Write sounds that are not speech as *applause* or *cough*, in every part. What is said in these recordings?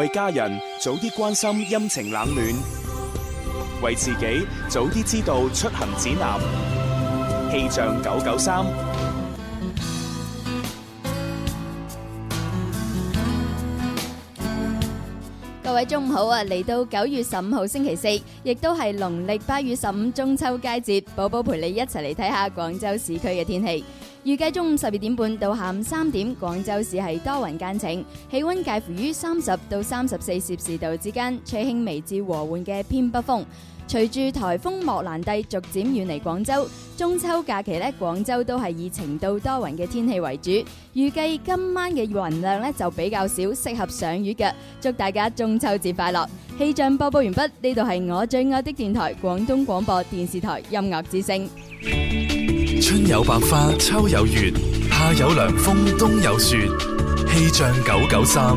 為家人早啲關心陰晴冷暖，為自己早啲知道出行指南。氣象九九三，各位中午好啊！嚟到九月十五號星期四，亦都係農曆八月十五中秋佳節，寶寶陪你一齊嚟睇下廣州市區嘅天氣。預計中午十二點半到下午三點，廣州市係多雲間晴，氣温介乎於三十到三十四攝氏度之間，吹輕微至和緩嘅偏北風。隨住台風莫蘭蒂逐漸遠離廣州，中秋假期呢，廣州都係以晴到多雲嘅天氣為主。預計今晚嘅雲量呢，就比較少，適合賞月嘅。祝大家中秋節快樂！氣象播報完畢，呢度係我最愛的電台——廣東廣播電視台音樂之聲。春有百花，秋有月，夏有涼風，冬有雪。氣象九九三，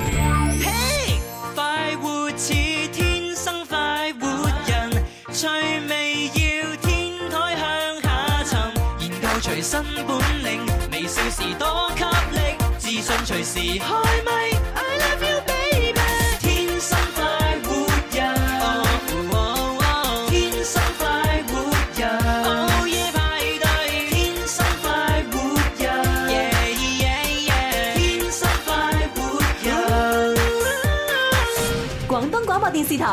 嘿，hey，快活似天生快活人，趣味要天台向下沉，研究隨身本領，微笑時多給力，自信隨時開咪。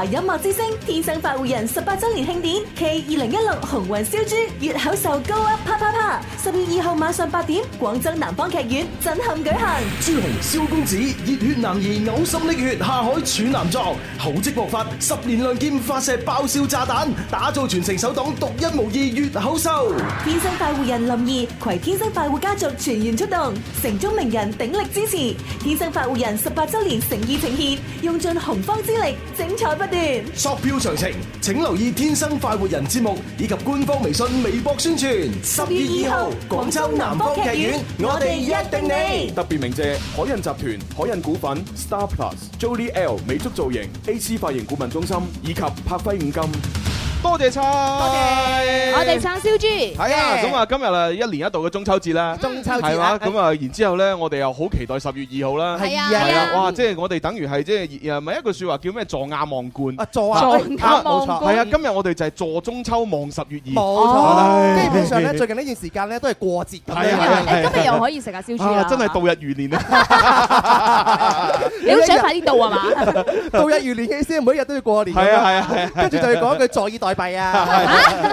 音樂之聲天生快活人十八周年慶典，暨二零一六紅雲燒豬粵口秀高 up 啪啪啪，十月二號晚上八點，廣州南方劇院震撼舉行。朱紅蕭公子熱血男兒嘔心瀝血下海處男作，厚積薄發十年亮劍發射爆笑炸彈，打造全城首檔獨一無二粵口秀。天生快活人林兒攜天生快活家族全員出動，城中名人鼎力支持，天生快活人十八周年誠意呈現，用盡洪荒之力，精彩不？索票詳情，請留意《天生快活人》節目以及官方微信、微博宣傳。十月二號，廣州南方劇院，我哋約定你。特別鳴謝海印集團、海印股份、Star Plus、Jolie L、美足造型、AC 髮型顧問中心以及柏輝五金。多謝餐，多謝 yeah, yeah. 我哋撐燒豬。係、yeah. 啊、嗯，咁啊，今日啊，一年一度嘅中秋節啦。中、嗯、秋節啦，咁、哎、啊，然之後咧，我哋又好期待十月二號啦，係啊，係啊，啊，哇，即、就、係、是、我哋等於係即係，唔、就、係、是、一句說話叫咩？坐亞望冠，坐亞、啊、望冠，冇、啊、錯，係啊，啊，今日我哋就係坐中秋望十月二、哦、冇、嗯，基、嗯、本上咧、嗯，最近呢段時間咧都係過節咁。係、嗯、啊，今日又可以食下燒豬啦，真係度日如年啊！你好想快啲到啊嘛？度日如年先，每一日都要過年。係啊係啊，跟住就要講一句坐以待。幣啊，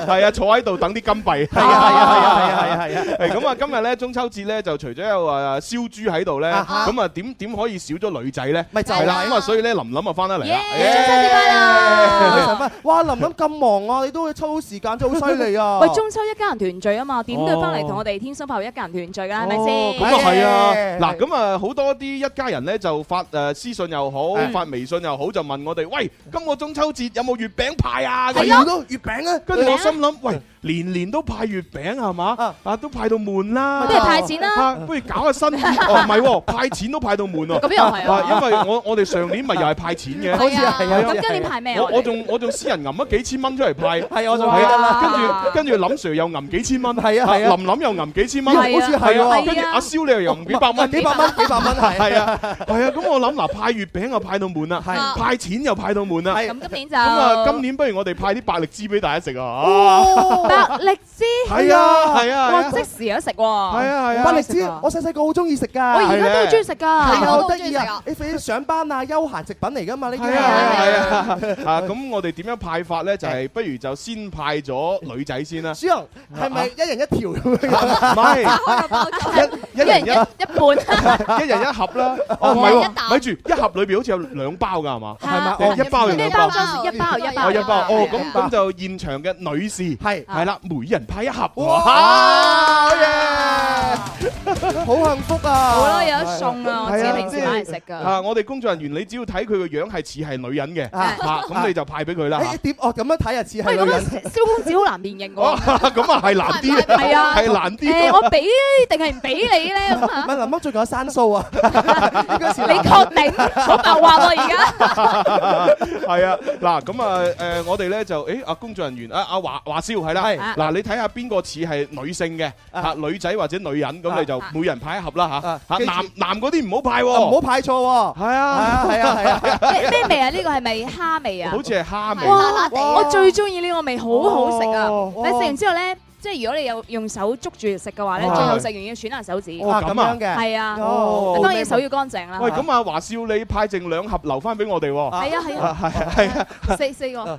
係啊，坐喺度等啲金幣，係啊係啊係啊係啊係啊，係咁啊，啊，啊，啊，啊，啊， *laughs* 啊！今日咧中秋節咧，就除咗有話燒豬喺度咧，咁 *laughs* 啊點點、啊、可以少咗女仔咧？咪就係啦。咁啊，所以咧琳琳啊翻得嚟啦。Yeah yeah 中秋節快樂！哇， *laughs* 琳琳咁忙啊，你都會抽時間真好犀利啊！喂， *laughs* 中秋一家人團聚啊嘛，點都要翻嚟同我哋天生拍友一家人團聚噶，係咪先？咁啊係啊！嗱，咁、 *laughs* 嗯嗯、啊好 *laughs* 多啲一家人咧就發誒私信又好，發微信又好，就問我哋：喂，今個中秋節有冇月餅派啊？ *laughs* 對的 *laughs* 月餅啊，跟住我心諗，喂，年年都派月餅係嘛？啊，啊都派到悶啦，不如派錢啦、啊啊，不如搞個新，唔 *laughs* 係、哦哦、派錢都派到悶咯，咁又係，因為我我哋上年咪又係派錢嘅、嗯，好似係啊，啊啊嗯、今年派咩？我仲我仲 *laughs* 私人揜咗幾千蚊出嚟派，係啊，啊，啊，啊，啊，跟住跟住林 Sir 又揜幾千蚊，係啊，啊，林林又揜幾千蚊、啊，好似係，跟住阿蕭你又揜幾百蚊、哦，幾百蚊，幾百蚊，係 *laughs* 啊，係啊，咁我諗嗱，派月餅啊派到悶啦，派錢又派到悶啦，咁今年就，咁啊今年不如我哋派啲白百力滋俾大家食啊！百力滋係啊係啊，即時有食喎。係啊係啊，百力滋我細細個好中意食噶，我而家都中意食噶，好得意啊！你上班啊，休閒食品嚟噶嘛？呢啲係啊係啊。啊咁，我哋點樣派發咧？就係不如就先派咗女仔先啦。小劉係咪一人一條咁樣？唔係，一一人一一半，一人一盒啦。哦唔係喎，咪住一盒裏邊好似有兩包噶係嘛？係嘛，一包定兩包啊？一包一包，哦一包哦咁包。就現場嘅女士係係啦，每人派一盒哇、啊！好幸福啊！好咯，有得送咯、啊，自己平時買嚟食噶。啊，我哋工作人員，你只要睇佢個樣係似係女人嘅嚇，咁、啊啊啊嗯嗯嗯、你就派俾佢啦嚇。點、欸、哦？咁、啊啊、樣睇下似係女人的。喂蕭公子好難辨認喎。咁啊，係難啲。係啊，係難啲。我俾定係唔俾你咧咁啊？唔、啊、係，林媽最近有生疏啊，啊，素啊， *laughs* 啊是？你確定？好白話喎，而家。係啊，嗱咁啊，誒我哋咧就。 *laughs* 誒、欸，阿工作人員，阿、啊、阿、啊、華少係啦，嗱、啊啊，你睇下邊個似係女性嘅、啊啊、女仔或者女人，咁你就每人派一盒啦、啊啊啊、男男嗰啲唔好派、哦，唔、啊、好派錯、哦。係啊，係啊，係啊！咩味啊？呢、呢個係咪蝦味啊？好似係蝦味。哇！我最中意呢個味，好好食啊！你食完之後咧。即係如果你有用手捉住食嘅話咧，最後食完要洗下手指。哇，咁樣嘅，係啊，哦，當然手要乾淨啦。喂，咁啊，華少，你派剩兩盒留翻俾我哋喎。係啊，係啊，係啊，四四個，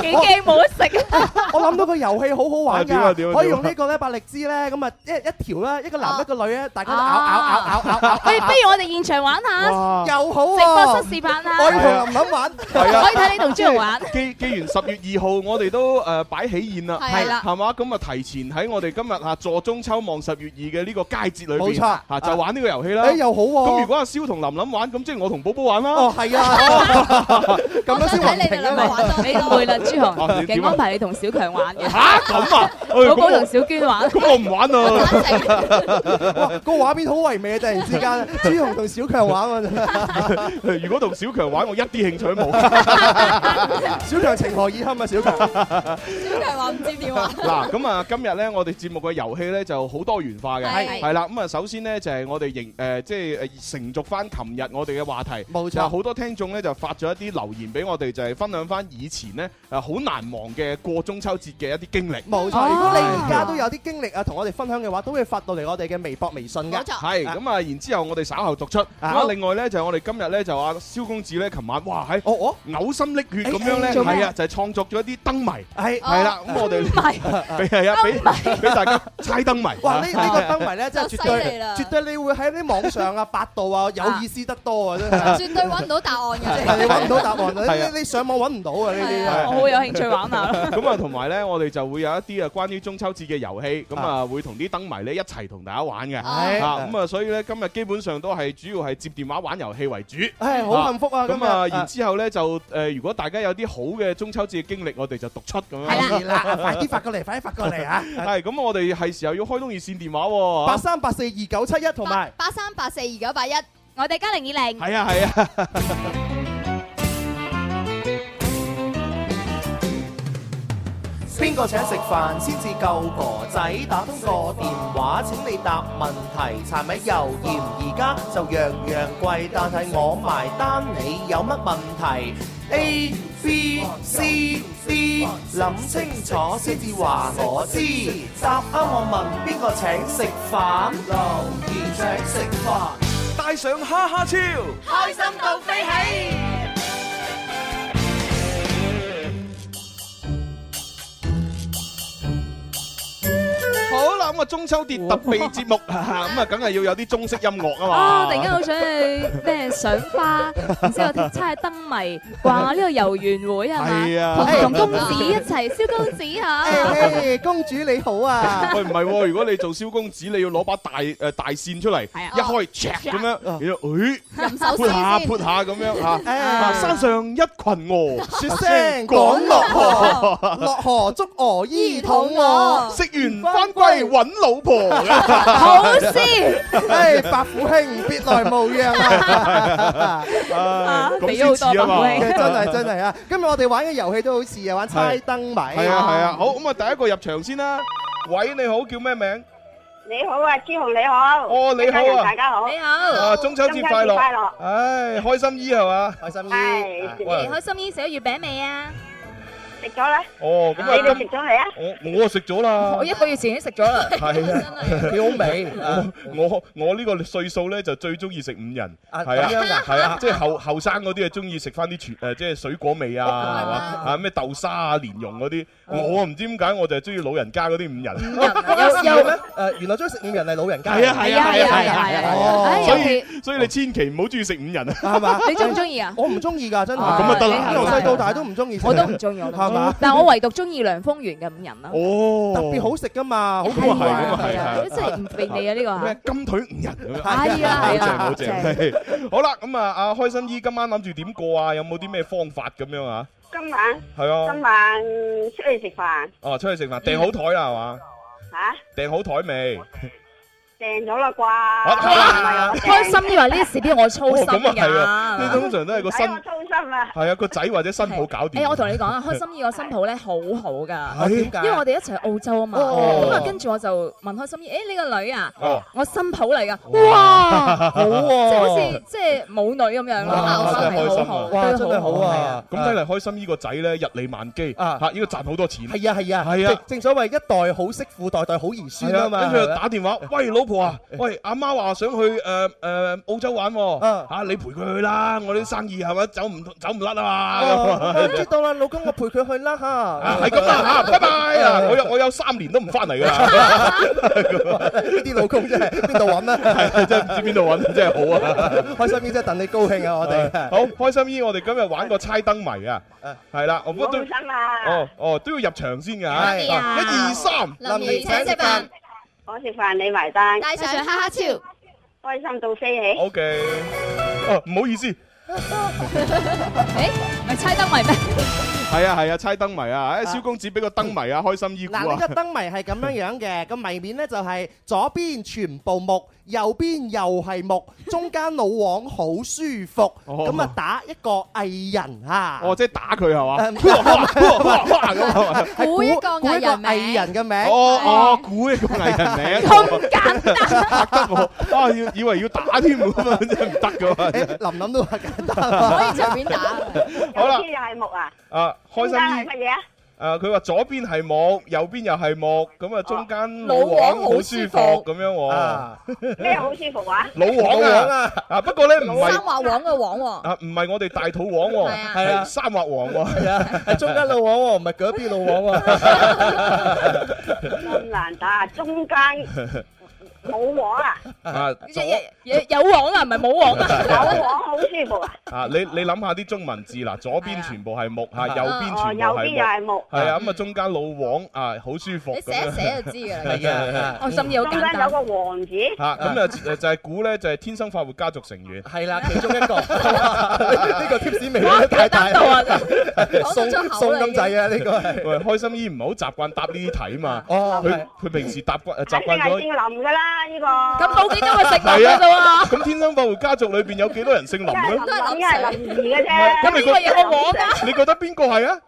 幾驚冇得食啊！我諗到個遊戲好好玩㗎，可以用呢個咧百力滋咧，咁啊一一條啦，一個男一個女啊，大家都咬咬咬咬咬咬。誒，不如我哋現場玩下，又好喎。直播室示範啦，可以同人玩，係啊，可以睇你同朱浩文。既既然十月二號，我哋都誒擺喜宴啦。係啦，係嘛咁啊！提前喺我哋今日啊，坐中秋望十月二嘅呢個佳節裏邊，吓就玩呢個遊戲啦。誒，又好喎。咁如果阿蕭同琳琳玩，咁即係我同寶寶玩啦。哦，係啊。咁樣你哋兩位玩，你誤會啦，朱紅。點啊？安排你同小強玩嘅。吓，咁啊？寶寶同小娟玩。咁我唔玩啊。個畫面好唯美啊！突然之間，朱紅同小強玩啊！如果同小強玩，我一啲興趣都冇。小強情何以堪啊！小強。小強玩。嗱咁啊，今日咧，我哋節目嘅遊戲咧就好多元化嘅，係係啦。咁啊，首先咧就係我哋仍誒，即係誒承續翻琴日我哋嘅話題，冇錯。好多聽眾咧就發咗一啲留言俾我哋，就係分享翻以前咧誒好難忘嘅過中秋節嘅一啲經歷，冇錯。如果你而家都有啲經歷啊，同我哋分享嘅話，都會發到嚟我哋嘅微博微信㗎，係。咁啊，然之後我哋稍後讀出。咁啊，另外咧就係我哋今日咧就話蕭公子咧，琴晚哇喺我我嘔心瀝血咁樣咧，係啊，就係創作咗一啲燈謎，係係啦。我哋係，俾係啊俾俾大家猜燈謎。哇！呢呢個燈謎咧，真係絕對，絕對你會喺啲網上啊、百度啊，有意思得多啊，真係。絕對揾唔到答案㗎，你揾唔到答案啊！你你上網揾唔到啊！呢啲係。我好有興趣玩啊。咁啊，同埋咧，我哋就會有一啲啊，關於中秋節嘅遊戲，咁啊，會同啲燈謎咧一齊同大家玩嘅。係。啊，咁啊，所以咧，今日基本上都係主要係接電話玩遊戲為主。係。好幸福啊！咁啊，然之後咧，就誒，如果大家有啲好嘅中秋節嘅經歷，我哋就讀出咁樣。係啦。 *laughs* 快啲發過嚟，快啲發過嚟啊！係 *laughs* 咁，我哋係時候要開通熱線電話、啊，八三八四二九七一，同埋八三八四二九八一，我哋加零二零。係啊係啊。邊、啊、 *laughs* 個請食飯先至救個仔？打通個電話，請你答問題。柴米油鹽而家就樣樣貴，但係我埋單，你有乜問題？A B C D，諗清楚先至話我知。答啱我問，邊個請食飯？留言請食飯，帶上哈哈超，開心到飛起。咁啊！中秋節特備節目，咁啊，梗係要有啲中式音樂啊嘛、 *laughs* 哦！突然間好想去咩賞花，然之後猜燈謎，逛下呢個遊園會啊！係、哎、啊，同公子一齊、哎、燒公子嚇、哎！公主你好啊！唔係喎，如果你做燒公子，你要攞把大誒大扇出嚟，一開，咁樣，你誒，潑、哎、下潑下咁樣嚇！樣哎、上山上一群鵝，雪山趕落河，落河，落河捉鵝衣桶，食完翻歸。揾老婆，好事！哎，白虎兄，別來無恙啊！咁先似啊嘛，真係真係啊！今日我哋玩嘅遊戲都好似啊，玩猜燈謎啊！係啊，係啊！好，咁啊，第一個入場先啦。喂，你好，叫咩名？你好啊，志豪，你好。哦，你好啊，大家好，你好啊，中秋節快樂！快樂！哎，開心姨係嘛？開心姨，喂，開心姨，食咗月餅未啊？食咗咧？哦，啊、你哋食咗係啊？我我食咗啦。我一個月前已經食咗啦。係啊，幾好味。我我呢個歲數咧就最中意食五仁，係啊係啊， *laughs* 是的 *laughs* 即係後後生嗰啲啊中意食翻啲全誒即係水果味啊，係嘛啊咩、啊啊、豆沙啊蓮蓉嗰啲。我唔知點解，我就係中意老人家嗰啲五仁。有時候，誒，原來中意食五仁係老人家。係啊係啊係啊係啊！哦，所以所以你千祈唔好中意食五仁啊，係嘛？你中唔中意啊？我唔中意噶，真係。咁啊得啦，由細到大都唔中意。我都唔中意，我嘛？但我唯獨中意梁豐源嘅五仁啊。哦，特別好食噶嘛，好啊係，好啊係啊，真係唔肥你啊呢個。咩金腿五仁？係啊係啊，好正好正。好啦，咁啊，阿開心姨今晚諗住點過啊？有冇啲咩方法咁樣啊？今晚係啊、哦！今晚出去食飯哦！出去食飯，訂好台啦係嘛？吓、嗯？訂好台未？啊 *laughs* 定咗啦啩！啊、開心姨話呢啲事必我操心啊、哦，你通常都係個心。我操心啊！係啊，個仔或者新抱搞掂、欸。我同你講啊，開心呢個新抱咧好好噶，點解？因為我哋一齊去澳洲啊嘛。咁、哦、啊、哦嗯，跟住我就問開心姨：誒、欸、呢、這個女啊，哦、我新抱嚟噶。哇、啊，好啊！即係好似即係母女咁樣咯、啊。真係開心啊！好哇，真好啊！咁睇嚟，啊啊啊啊、真的開心呢個仔咧日理萬機啊！吓、啊啊，應該賺好多錢。係啊，係啊，係啊，啊，啊，啊！正所謂一代好媳婦，代代好兒孫啊嘛。跟住打電話，喂老。老婆啊，喂，阿媽話想去誒誒、呃呃、澳洲玩，吓、啊啊、你陪佢去啦，我啲生意係咪走唔走唔甩啊嘛、啊？知道啦，老公，我陪佢去啦吓。係咁啊吓、就是啊啊，拜拜啊，啊！我有我有三年都唔翻嚟噶啦。呢、啊、啲、啊、老公真係邊度揾咧？係真係唔知邊度揾，真係好啊！開心姨真係等你高興啊！我哋、啊、好開心姨，我哋今日玩個猜燈謎啊，係、啊、啦，我、啊、都哦哦、啊啊、都要入場先嘅，一二三，林姨請食飯。我食飯你埋單，帶上哈哈超，開心到飛起。O K，唔好意思，誒、 *laughs* *laughs* 欸，唔係猜燈謎咩？係 *laughs* 啊係啊，猜燈謎啊！誒、哎，蕭公子俾個燈謎啊，開心意估啊。嗱、啊，這個燈謎係咁樣樣嘅，個 *laughs* 謎面咧就係左邊全部木。右邊又係木，中間老王好舒服，咁 *laughs* 啊、哦、打一個藝人啊！哦，即係打佢係嘛？誒，咁 *laughs* 估不是 *laughs* 一個藝人，人名。哦哦，估一個藝人名。咁 *laughs* 簡單 *laughs* 嚇得我，啊，要以為要打添咁啊，真係唔得噶。林林都話簡單，可以隨便打。 *laughs* 好啦，又係木啊！啊，開心乜嘢啊？啊！佢話左邊係木，右邊又係木，咁啊中間老王好舒服，咁樣我咩好舒服啊？老王啊，啊不過咧唔係三畫王嘅王喎，啊唔係我哋大肚王喎，係啊三畫王喎，係啊係中間老王喎，唔係嗰邊老王喎，咁難打中間。冇王啊！啊，有有有王啊，唔係冇王啊，有 *laughs* 王好舒服啊！啊， *laughs* 你你諗下啲中文字嗱，左邊全部係木吓，啊，右邊全部係木，係啊，咁啊中間老王啊，好舒服。你寫一寫就知噶啦，已、啊、哦，甚、啊、至中間有個王字。吓咁啊，就係估咧，就係天生發活家族成員。係 *laughs* 啦，其中一個。呢、 *laughs* 這個 tips 未太大到啊！宋宋金仔啊，呢、這個喂開心姨唔係好習慣答呢啲題啊嘛。哦，佢佢平時答慣誒，習慣林噶啦。咁好啲，因為姓林噶啦喎。咁《天生富貴家族》裏邊有幾多人姓林咧？都係林 Sir 嘅啫。咁你覺得有冇王啊？你覺得邊個係啊？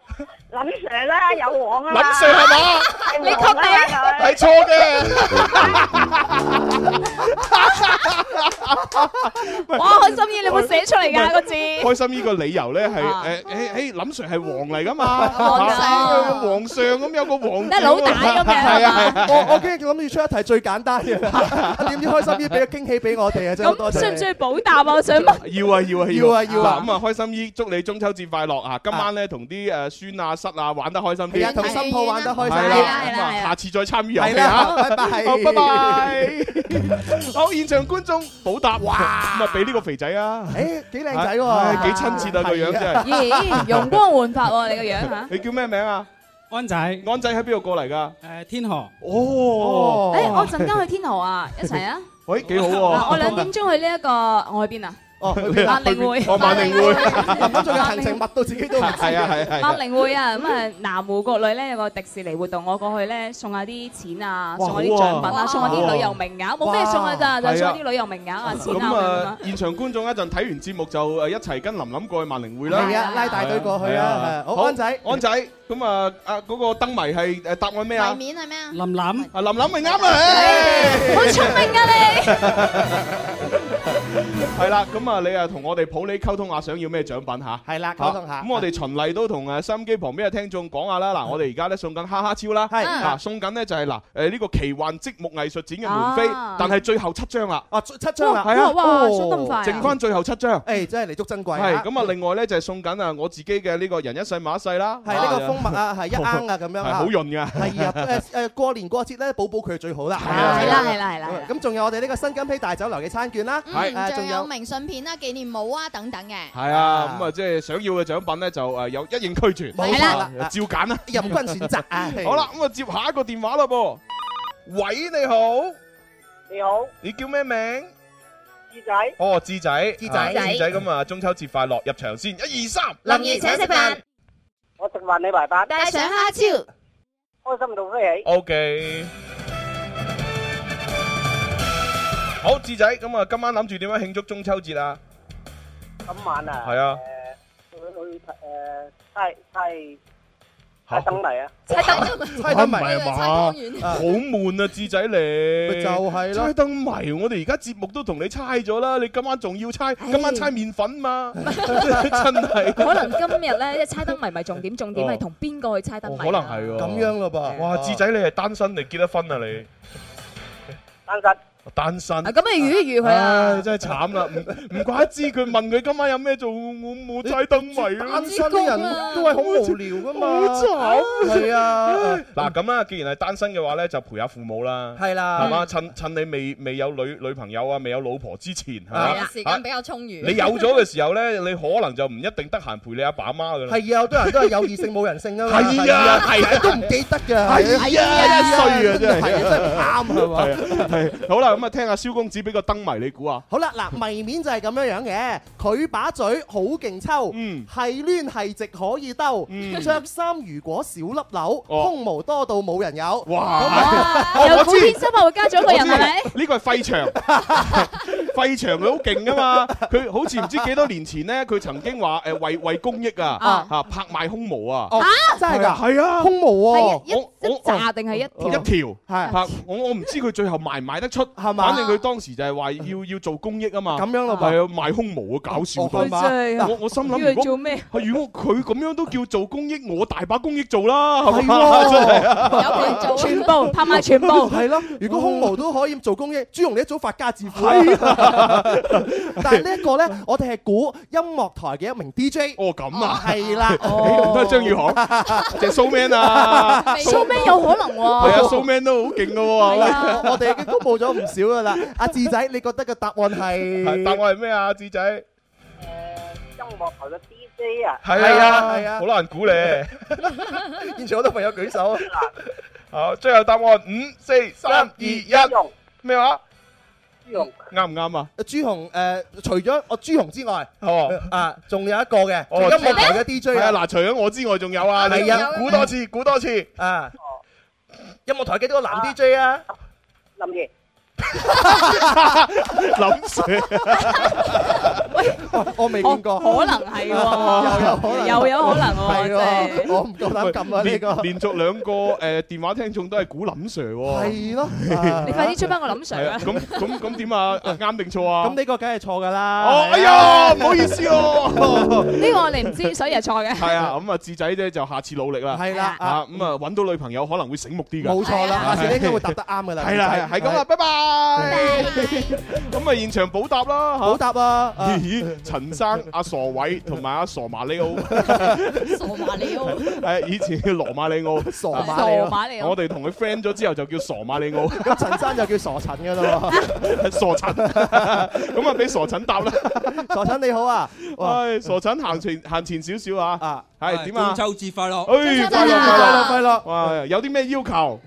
林 Sir 啦，有王啊。林 Sir 係嘛？你確定！係錯嘅。哇，開心啲！你有冇寫出嚟啊？個字？開心呢個理由咧係誒誒誒，林 Sir 係王嚟噶嘛？皇上，皇上咁有個王字啊嘛。係啊！我我今日諗住出一題最簡單嘅。點知開心姨俾個驚喜俾我哋啊！真係咁，想唔想補答啊？我想問。要啊，要啊，要啊，要啊！咁啊，開心姨祝你中秋節快樂啊！今晚咧同啲誒孫啊、室啊玩得開心啲，同新抱玩得開心啲。係啦，係啦，係啦。下次再參與遊戲啊！係啦，拜拜，係。好，現場觀眾補答，哇！咁啊，俾呢個肥仔啊！誒，幾靚仔喎，幾親切啊個樣，真係。咦，容光煥發，你個樣吓？你叫咩名啊？安仔，安仔喺邊度過嚟㗎、呃？天河。哦，誒、欸，我陣間去天河啊， *laughs* 一齊啊。喂、欸，幾好啊！ *laughs* 我兩點鐘去呢、這、一個，我喺邊啊？哦，萬菱匯，萬菱匯，咁啊，趁情物到自己都，係啊，係啊，萬菱匯啊，咁啊，南湖國旅咧有個迪士尼活動，我過去咧送下啲錢啊，送下啲獎品啦，送下啲旅遊名額，冇咩送啊咋，就送啲旅遊名額啊，咁啊，現場觀眾一陣睇完節目就誒一齊跟琳琳過去萬菱匯啦，係啊，拉大隊過去啊，好，安仔，安仔，咁啊，啊嗰個燈謎係誒答案咩啊？謎面係咩啊？琳琳，啊琳琳，你啱啦，好聰明啊你。係啦，咁 *music* 啊，你啊同我哋普洱溝通下，想要咩獎品嚇？係啦，溝通下。咁、啊嗯、我哋循例都同誒收音機旁邊嘅聽眾講下啦。嗱、啊，我哋而家咧送緊哈哈超啦，係啊，送緊呢就係嗱誒呢個奇幻積木藝術展嘅門飛、啊，但係最後七張啦，啊七張啦，係啊，哦、啊啊，剩翻最後七張。誒、哎，真係彌足珍貴。係咁啊，另外咧就係送緊啊我自己嘅呢個人一世馬一世啦一一，係呢、啊啊這個蜂蜜啊，係一啱啊咁樣、 *music* 啊、好潤㗎。係啊誒誒，過年過節咧補補佢最好啦。係啦係啦係啦。咁仲有我哋呢個新金禧大酒樓嘅餐券啦，誒仲有。明信片啦、紀念帽啊等等嘅，係啊，咁啊，即係想要嘅獎品咧，就誒有一應俱全，係啦，照揀啦，任君選擇啊！好啦，咁啊接下一個電話啦噃，喂，你好，你好，你叫咩名？智仔，哦，智仔，智仔，智仔，咁啊，中秋節快樂！入場先，一二三，林姨請食飯，我食埋你埋飯，帶上蝦燒，開心到飛起，OK。好，志仔，咁啊，今晚諗住點樣慶祝中秋節啊？今晚啊，係啊，去去誒，猜猜猜燈謎啊！猜燈猜燈謎啊嘛！燈燈燈燈 *laughs* 好悶啊，志仔你，就係咯，猜燈謎。我哋而家節目都同你猜咗啦，你今晚仲要猜？今晚猜麵粉嘛？ *laughs* 真係的、 *laughs* 啊哦哦。可能今日咧，一猜燈謎咪重點重點係同邊個去猜燈謎？可能係咁樣啦吧。哇，志仔你係單身定結咗婚啊你？單身。單身，咁你咪一魚佢啊！真係慘啦，唔唔怪得知佢問佢今晚有咩做，我冇猜燈謎咯。單身嘅人都係好無聊噶嘛，好慘，係啊！嗱、啊、咁、啊、啦，既然係單身嘅話咧，就陪下父母啦，係啦，係嘛？趁趁你未未有女女朋友啊，未有老婆之前，係啊，時間比較充裕。你有咗嘅時候咧，你可能就唔一定得閒陪你阿爸阿媽噶啦。係啊，啊，啊，啊，啊，啊，啊，啊，啊，啊，好多人都係有異性冇人性啊。嘛。係啊，係啊，都唔記得噶。係啊，衰啊，真係，真係，唔啱係嘛？係好啦。咁啊，聽下蕭公子俾個燈謎，你估啊？好啦，嗱，謎面就係咁樣樣嘅，佢把嘴好勁抽，嗯，係攣係直可以兜，嗯，着衫如果少粒紐，胸毛多到冇人有，哇，有好變心啊？會加咗一個人係咪？呢個係廢場。是 *laughs* 費翔佢好勁噶嘛，佢好似唔知幾多年前咧，佢曾經話誒為為公益啊，啊，啊拍賣胸毛啊，啊真係噶係啊胸毛啊，是是啊啊是一扎定係一條一條係，我我唔、啊啊、知佢最後賣賣得出係嘛，反正佢當時就係話要要做公益啊嘛，咁樣咯係啊賣胸毛啊搞笑、哦、我我心諗如果佢咁樣都叫做公益，我大把公益做啦係嘛，真係、啊啊、全部拍賣全部係咯， *laughs* 如果胸毛都可以做公益， *laughs* 朱容你一早發家致富。 *laughs* 但係呢一個咧，我哋係估音樂台嘅一名 DJ。哦，咁啊，係啦，都係張宇航，就蘇 man 啊，蘇 man 有可能喎。係啊，蘇 man 都好勁噶。我我哋已經公布咗唔少噶啦。阿志仔，你覺得個答案係答案係咩啊？志仔，誒，音樂台嘅 DJ 啊，係啊係啊，好難估咧。現場好多朋友舉手。好，最後答案，五、四、三、二、一，咩話？啱唔啱啊？朱紅誒、呃，除咗我、哦、朱紅之外，哦啊，仲、呃、有一個嘅，哦、音樂台嘅 D J 啊，嗱，除咗我之外，仲有啊，係啊，估、啊、多次，估、嗯、多一次啊，嗯、音樂台幾多個男 D J 啊，啊？林爺。諗 Sir，喂，我未見過，可能係喎，又有可能係喎，我唔夠膽撳啊！呢個連續兩個誒電話聽眾都係估諗 Sir，係咯，你快啲出翻個諗 Sir 啊！咁咁咁點啊？啱定錯啊？咁呢個梗係錯噶啦！哦，哎呀，唔好意思哦，呢個我哋唔知，所以係錯嘅。係啊，咁啊志仔啫，就下次努力啦。係啦，啊咁啊，搵到女朋友可能會醒目啲噶。冇錯啦，下次應該會答得啱噶啦。係啦，係咁啦，拜拜。咁啊， *laughs* 現場補答啦，補答啊！啊嗯、陳生、阿、 *laughs* 啊、傻偉同埋阿傻馬里奧， *laughs* 利奧， *laughs* 奧，傻馬里奧係以前叫羅馬里奧，傻馬里奧。我哋同佢 friend 咗之後就叫傻馬里奧， *laughs* 陳生就叫傻陳噶啦嘛，傻陳咁啊，俾 *laughs* *laughs* 傻陳答啦。傻陳你好啊，喂，傻陳行前行前少少啊，啊，係點啊？中秋節快樂！哎，啊、快樂快樂快樂，快樂、啊！哇，有啲咩要求？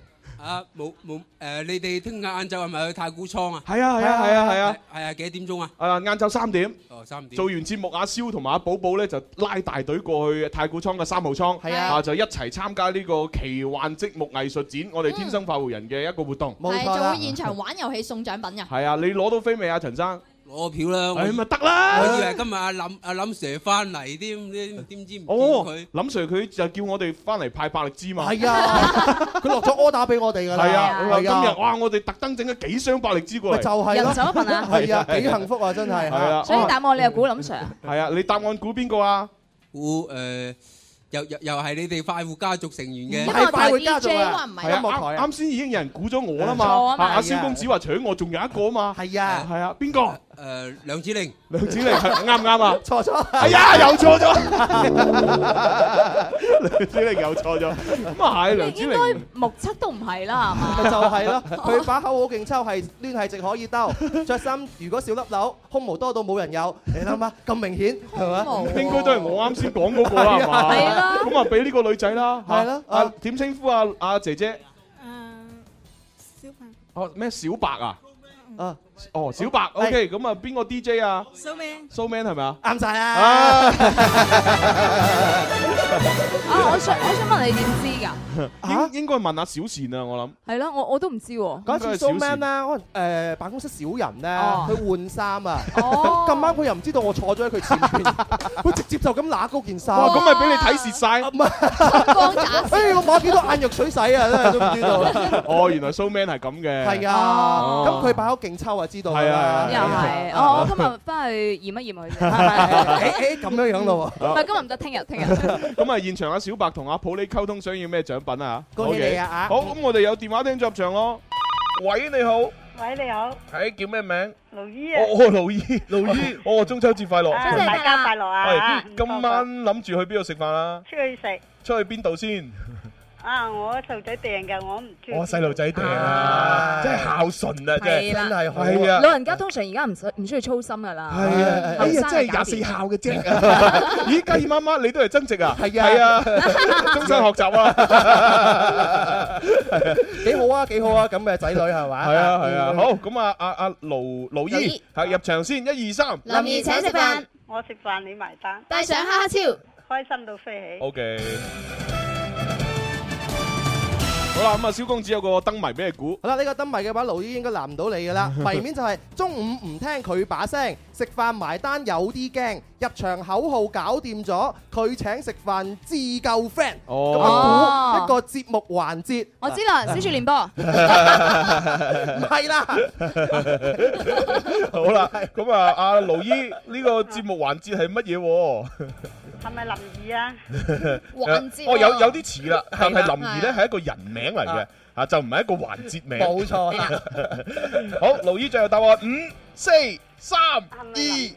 啊，冇冇，誒，你哋聽日晏晝係咪去太古倉啊？係啊，係啊，係啊，係啊，係啊，幾點鐘啊？啊，晏晝三點。哦，三點。做完節目，阿蕭同埋阿寶寶咧就拉大隊過去太古倉嘅三號倉，啊，就一齊參加呢個奇幻積木藝術展。我哋天生快活人嘅一個活動。冇錯啦。仲會現場玩遊戲送獎品啊。係啊，你攞到飛未啊，陳生？我票啦，咁咪得啦！我以為今日阿林阿林 Sir 翻嚟啲啲，點知唔見佢？林 Sir 佢、哦、就叫我哋翻嚟派百力滋嘛、 *laughs* 哎呀。係 *laughs* 啊、哎，佢落咗柯打俾我哋噶啦。係、哎、啊，今日哇，我哋特登整咗幾箱百力滋過嚟。就係咯，就一份啊，係、哎、啊，幾幸福啊，真係。係、哎、啊、哎，所以答案你又估林 Sir？係、哎、啊，你答案估邊個啊？估誒、呃，又又又係你哋快活家族成員嘅。係快活家族啊！啱啱先已經有人估咗我啦嘛。阿蕭、啊啊、公子話搶我，仲有一個嘛。係、哎、啊，係、哎、啊，邊個？哎誒，梁子玲，梁子玲係啱唔啱啊？錯錯，係啊，又錯咗，梁子玲又錯咗。咁啊，係梁子玲，應該目測都唔係啦，係嘛？就係咯，佢把口好勁抽，係攣係直可以兜，着衫如果少粒紐，胸毛多到冇人有，你諗下咁明顯係嘛？應該都係我啱先講嗰個係嘛？係啦。咁啊，俾呢個女仔啦，係咯。阿點稱呼阿阿姐姐？誒，小白。哦，咩小白啊？啊。哦，小白，OK，咁啊，邊個 DJ 啊？So Man，So Man 係咪啊？啱晒啦！啊，我想我想問你點知噶？嚇，應該問阿小倩啊，我諗。係咯，我我都唔知。嗰次 So Man 咧，誒，辦公室少人咧，去換衫啊。哦。咁啱佢又唔知道我坐咗喺佢前面，佢直接就咁揦高件衫。哇，咁咪俾你睇蝕曬。唔係，裝假蝕。哎，我買幾多眼藥水洗啊，真係都唔知道。哦，原來 So Man 係咁嘅。係啊。咁佢把口勁抽啊！知道係啊，又係，我我今日翻去驗一驗佢先。誒誒，咁樣樣咯喎。唔係今日唔得，聽日聽日。咁啊，現場阿小白同阿普利溝通，想要咩獎品啊？恭喜你啊！好，咁我哋有電話聽作場咯。喂你好，喂你好，誒叫咩名？盧姨。我我盧姨，盧姨，哦，中秋節快樂，大家快樂啊！今晚諗住去邊度食飯啊？出去食。出去邊度先？啊！我細路仔訂噶，我唔。我細路仔訂啊，真係孝順啊，啊，真係真係啊！老人家通常而家唔使唔需要操心噶啦。係啊，哎呀，真係廿四孝嘅啫！咦、 *laughs* 哎，家燕媽媽，你都係增值啊？係啊，係啊，終身學習啊，幾好啊，幾好啊！咁嘅仔女係嘛？係、嗯、啊，係啊，好咁啊！阿阿盧盧姨入場先，一二三，林姨請食飯，我食飯你埋單，帶上哈哈超，開心到飛起。OK。好啦，咁啊，蕭公子有個燈謎俾你估。好啦，呢、這個燈謎嘅話，勞姨應該難唔到你噶啦。謎 *laughs* 面就係中午唔聽佢把聲，食飯埋單有啲驚，入場口號搞掂咗，佢請食飯，自救。friend。哦，一個節目環節。我知啦，小說聯播 *laughs* 係 *laughs* 不是啦。 *laughs* *laughs* 好啦，咁啊，阿勞姨呢個節目環節係乜嘢？係咪林怡啊？我 *laughs* 唔哦，有有啲似啦，但係林怡咧係一個人名嚟嘅，是啊就唔係一個環節名。冇錯、啊。 *laughs* 好，勞姨最後答案，五、啊、四、三、二、一。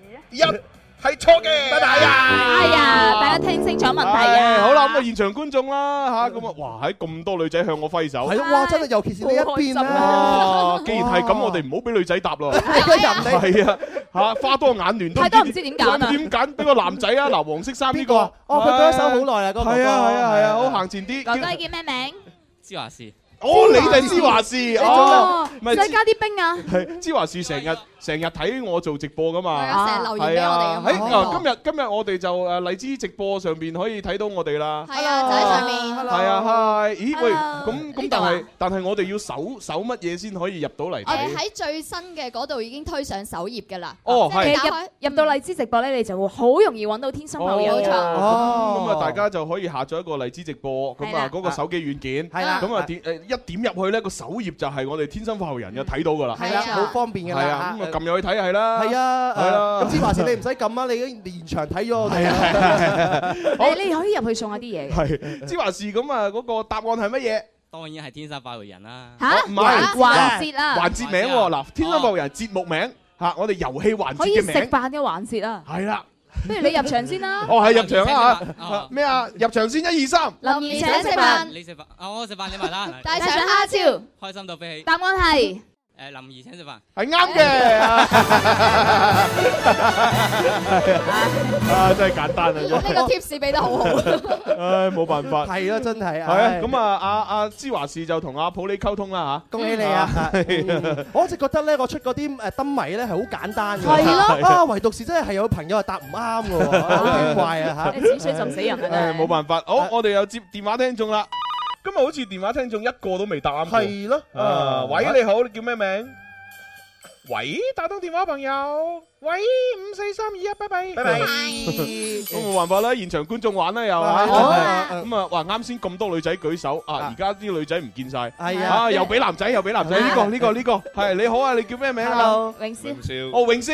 係錯嘅，拜拜啊，哎呀，大家聽清楚問題啊！好啦，咁啊現場觀眾啦吓，咁啊，哇喺咁多女仔向我揮手，係咯，哇，真係尤其是呢一邊啦。既然係咁，我哋唔好俾女仔答咯，係啊，吓花多眼亂都係都唔知點揀啊！點揀俾個男仔啊？嗱，黃色衫呢個，哦，佢舉手好耐啦，嗰個哥哥，係啊係啊係啊，我行前啲哥哥叫咩名？思華思。哦，你就係芝華士哦，唔係再加啲冰啊！係芝華士成日成日睇我做直播噶嘛，成日留言俾我哋嘅。喺今日今日我哋就誒荔枝直播上邊可以睇到我哋啦，係啊，就喺上面。係啊，係。咦喂，咁咁但係但係我哋要搜搜乜嘢先可以入到嚟睇？我哋喺最新嘅嗰度已經推上首頁嘅啦。哦，係。即係入入到荔枝直播咧，你就會好容易揾到天生好友。冇錯。哦，咁啊，大家就可以下載一個荔枝直播咁啊，嗰個手機軟件。係啦。咁啊，點誒一。一點入去咧，個首頁就係我哋天生發育人嘅，睇到噶啦，好方便噶啦，咁啊撳入去睇係啦，係啊，咁芝華士你唔使撳啊，你已經現場睇咗我哋係啦，你你可以入去送下啲嘢嘅，芝華士，咁啊嗰個答案係乜嘢？當然係天生發育人啦，吓唔係環節啊，環節名喎嗱，天生發育人節目名吓，我哋遊戲環節嘅名，可以食飯嘅環節啊，係啦。不如你入場先啦！哦，係入場啊嚇！咩啊？入場先，一二三，林儀請食飯，你食飯啊，我食飯你埋單。大腸蝦超，開心到飛起。答案係。誒，林儀請食飯，係啱嘅。啊，真係簡單啊！咁呢個 tips 俾得好好。唉，冇辦法。係咯，真係。係啊，咁啊，阿阿芝華士就同阿普利溝通啦吓。恭喜你啊！我一直覺得咧，我出嗰啲誒燈謎咧係好簡單嘅。係咯。啊，唯獨是真係係有朋友係答唔啱嘅。好奇怪啊吓！只水浸死人。誒，冇辦法。好，我哋又接電話聽眾啦。今日好似電話聽眾一個都未答。係咯，誒，喂，你好，你叫咩名？喂，打通電話朋友，喂，五四三二一，拜拜，拜拜。都冇辦法啦，現場觀眾玩啦又。咁啊，話啱先咁多女仔舉手，啊，而家啲女仔唔見晒。係啊，又俾男仔，又俾男仔。呢個呢個呢個，係你好啊，你叫咩名啊？Hello，永超，哦，永超，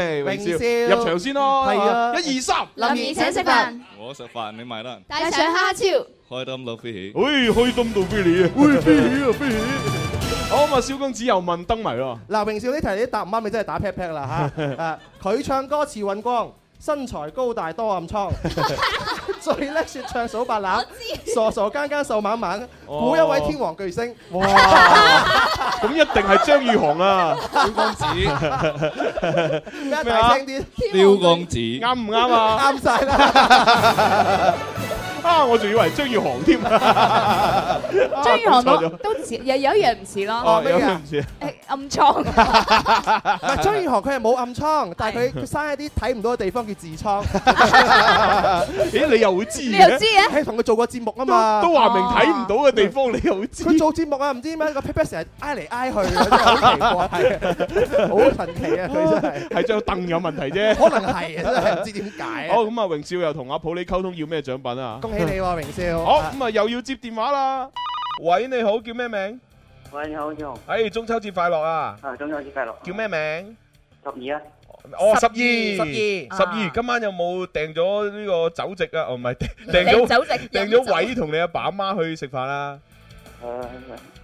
永超，入場先咯。係啊，一二三，林怡請食飯。我食飯，你埋單。帶上蝦超。開燈到飛起，誒，開燈到飛起啊！誒，飛起啊，飛起！好啊，蕭公子又問燈謎咯。嗱，榮少呢題你答唔啱，你真係打 pat pat 啦吓。誒，佢唱歌似尹光，身材高大多暗瘡，最叻說唱數白欖，傻傻更更瘦蜢蜢，估一位天王巨星。哇！咁一定係張宇航啦。蕭公子咩啊？蕭公子啱唔啱啊？啱晒啦！啊！我仲以為張宇航添，張宇航都似，又有一樣唔似咯。哦，有一樣唔似、啊啊欸。暗瘡 *laughs* *laughs* 唔係張宇航，佢係冇暗瘡，但係佢生一啲睇唔到嘅地方叫痔瘡。咦？你又會知？你又知嘅？係同佢做過節目啊嘛都。都話明睇唔到嘅地方，啊、你又會知道。佢做節目啊，唔知點解個 pat pat 成日挨嚟挨去，好奇怪，係 *laughs* 好 *laughs* 神奇啊！佢真係張凳有問題啫。可能係、啊、 *laughs* 真係唔知點解。哦，咁、嗯、啊！榮少又同阿普利溝通要咩獎品啊？恭喜你啊，明少！好咁啊，又要接電話啦。喂，你好，叫咩名？喂，你好，你好。哎，中秋節快樂啊！啊，中秋節快樂。叫咩名？十二啊。哦，十二。十二。十二。今晚有冇訂咗呢個酒席啊？哦，唔係訂訂咗酒席，訂咗位同你阿爸阿媽去食飯啊？好啊。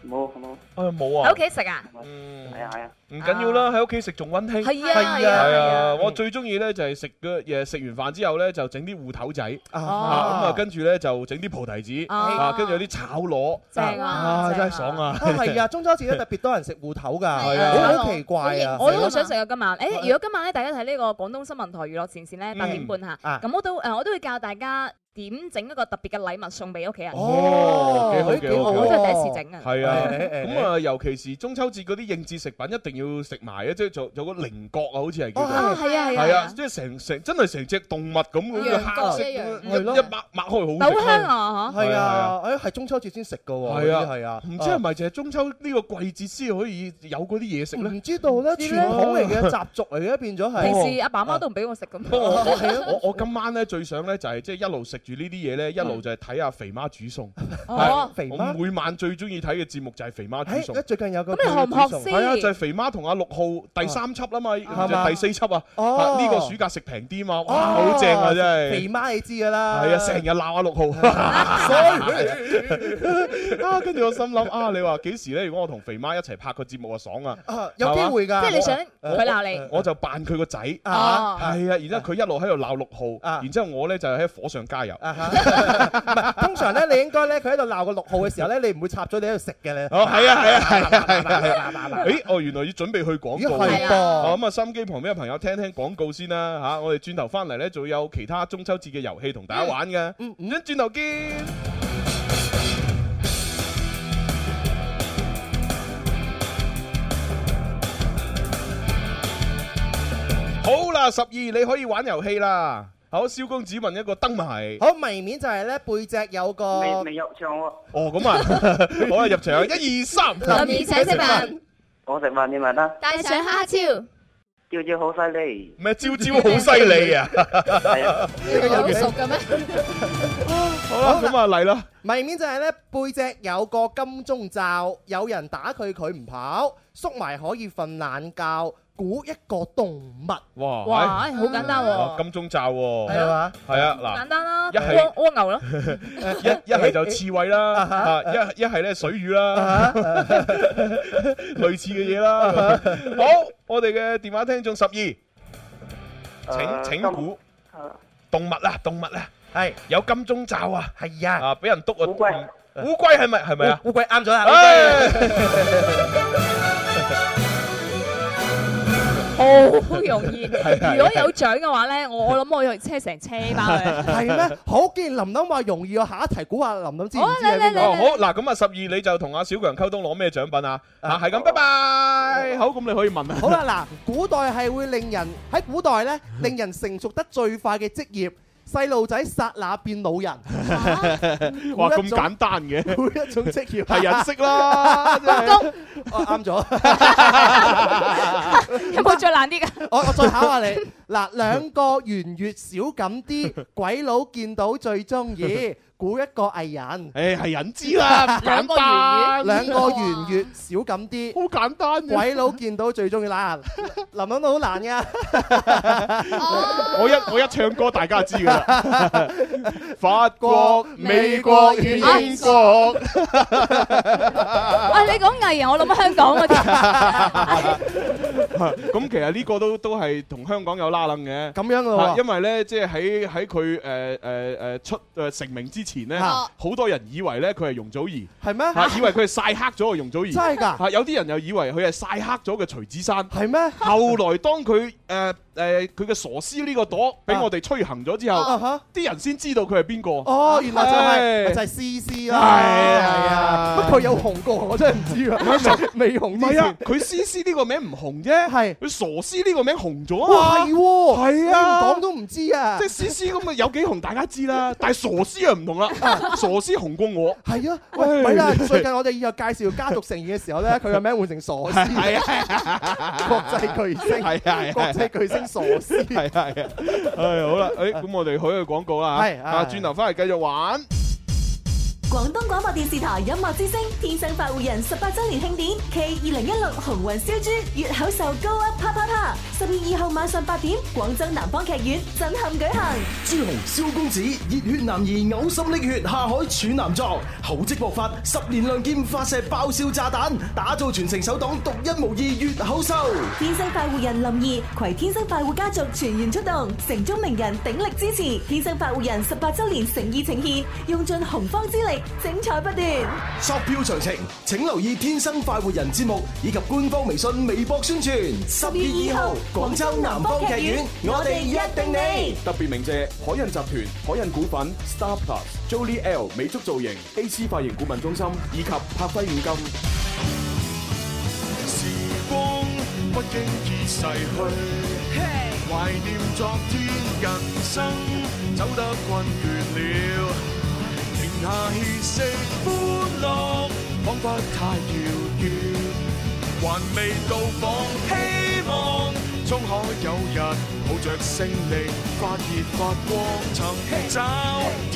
冇冇，冇啊！喺屋企食啊，嗯係啊係啊，唔緊要啦，喺屋企食仲溫馨。係啊係啊，啊。啊啊啊啊啊啊啊我最中意咧就係食嘅嘢，食完飯之後咧就整啲芋頭仔，啊咁啊跟住咧就整啲菩提子，啊，啊，啊跟住有啲炒螺，正啊，啊真係爽啊！係啊，啊，啊，中秋節咧特別多人食芋頭噶，好、啊啊啊哎嗯、奇怪啊！我都好想食啊今晚。誒，如果今晚咧大家睇呢個廣東新聞台娛樂前線咧八點半吓，咁我都誒我都會教大家。點整一個特別嘅禮物送俾屋企人？哦，幾好幾好，真係第一次整啊！係啊，咁啊，尤其是中秋節嗰啲應節食品一定要食埋啊！即係有有個菱角啊，好似係哦，係啊係啊，即係成成真係成隻動物咁咁嘅黑色樣，係咯，一擘擘開好香啊嚇！係啊，誒係中秋節先食㗎喎，係啊係啊，唔知係咪淨係中秋呢個季節先可以有嗰啲嘢食咧？唔知道咧，傳統嚟嘅習俗嚟嘅，變咗係。平時阿爸媽都唔俾我食咁。係啊，我我今晚咧最想咧就係即係一路食。住呢啲嘢咧，一路就係睇阿肥媽煮餸，哦。肥媽每晚最中意睇嘅節目就係肥媽煮餸，欸。最近有個咩你不學唔學先？係啊，就係、是、肥媽同阿六號第三輯啊嘛，啊是就是第四輯啊。哦啊，呢、這個暑假食平啲嘛，哇，好、哦、正啊！真係肥媽你知㗎啦。係啊，成日鬧阿六號。跟 *laughs* 住、啊、我心諗啊，你話幾時咧？如果我同肥媽一齊拍個節目就啊，爽啊！有機會㗎，即係、啊就是、你想佢鬧你我，我就扮佢個仔。哦，係啊，啊然之後佢一路喺度鬧六號，然之後我咧就喺火上加油。啊啊、 *laughs* 通常咧，你應該咧，佢喺度鬧個六號嘅時候咧，你唔會插咗你喺度食嘅咧。哦，係啊，係啊，係啊，係 *laughs* 啊，係啊！哎，哦，原來要準備去廣告。如果係啊，咁啊，啊啊啊啊啊啊啊收音機旁邊嘅朋友聽聽廣告先啦吓、啊，我哋轉頭翻嚟咧，仲有其他中秋節嘅遊戲同大家玩嘅。唔、嗯、准、嗯、轉頭見。好啦，十二，你可以玩遊戲啦。好，蕭公子問一個燈埋，好謎面就係咧背脊有個，未未入場喎。哦，咁啊，好啦，入場，一二三，林先生問，我食飯你問啦，帶上哈超，招招好犀利，唔係招招好犀利啊，好熟嘅咩？好啦，咁啊嚟啦，謎面就係咧背脊有個金鐘罩，有人打佢佢唔跑，縮埋可以瞓懶覺。估一個動物，哇！哇，好簡單喎！金鐘罩喎，係嘛？係啊，嗱，簡單啦，一係蝸牛啦，一一係就刺蝟啦，一一係咧水魚啦，類似嘅嘢啦。好，我哋嘅電話聽眾十二，請請估動物啦，動物咧，係有金鐘罩啊，係啊，啊俾人篤啊，烏龜，烏龜係咪係咪啊？烏龜啱咗啦。好容易，如果有獎嘅話咧， *laughs* 我諗我要車成車返去，係咩？好，既然林林話容易，我下一題估下林林知嘅嘢邊個？好，嗱，咁啊，十二你就同阿小強溝通攞咩獎品啊？啊，係咁，拜拜。好，咁你可以問啦。好啦，嗱，古代係會令人喺古代咧，令人成熟得最快嘅職業，細路仔剎那變老人。啊、哇，咁簡單嘅？每一種職業係隱息啦。我啱咗。有冇再難啲噶？ *laughs* 我我再考下你嗱，兩個圓月少咁啲，鬼佬見到最中意。估一個藝人、哎，誒係人知啦，簡單，兩個圓月少咁啲，好簡單。鬼佬見到最中意啦， *laughs* 林允都好難噶、啊。我一我一唱歌，大家就知噶啦。法國、美國、美國英國，喂、啊，你講藝人，我諗香港嗰啲、啊。咁其實呢 *laughs* *laughs* 個都都係同香港有拉楞嘅。咁樣噶、啊，因為咧，即係喺喺佢誒誒誒出誒成名之前。前咧嚇，好多人以為咧佢係容祖兒，係咩嚇？以為佢係晒黑咗嘅容祖兒，真係㗎嚇！有啲人又以為佢係晒黑咗嘅徐子珊，係咩？後來當佢誒誒佢嘅傻師呢個朵俾我哋吹行咗之後，啲、啊、人先知道佢係邊個。哦，原來就係、是、就係詩詩啦。係啊，佢、啊啊、有紅過我真係唔知道 *laughs* 是不是未紅之前，佢詩詩呢個名唔紅啫，係佢傻師呢個名紅咗啊。係喎，係啊，唔講都唔知啊。即係詩詩咁啊，就是、有幾紅大家知啦。 *laughs* 但係傻師又唔同。啦，傻師紅過我，係啊，喂，最近我哋以後介紹家族成員嘅時候咧，佢個名換成傻師，係啊，國際巨星，係啊，國際巨星傻師，係係，誒，好啦，誒，咁我哋可以去廣告啦，啊，轉頭翻嚟繼續玩。廣東廣播電視台音樂之聲天生快活人十八周年慶典暨二零一六紅運燒豬粵口秀高 up、啊、啪啪啪，十月二,二號晚上八點，廣州南方劇院震撼舉行。朱紅蕭公子，熱血男兒嘔心瀝血下海處男作，厚積薄發十年亮劍發射爆笑炸彈，打造全城首檔獨一無二粵口秀。天生快活人林怡，攜天生快活家族全員出動，城中名人鼎力支持，天生快活人十八周年誠意呈現，用盡洪荒之力。精彩不斷，索票詳情請留意《天生快活人》節目以及官方微信、微博宣傳。十月二號，廣州南方劇院，我哋約定你。定特別鳴謝海印集團、海印股份、StarPlus、Plus, Jolie L、美足造型、mm -hmm. AC 髮型顧問中心以及柏輝五金、hey.。時光不經意逝去，懷念昨天人生，走得困倦了。下笑聲歡樂，仿佛太遙遠，還未到訪。希望終可有日，抱着勝利，發熱發光，尋找。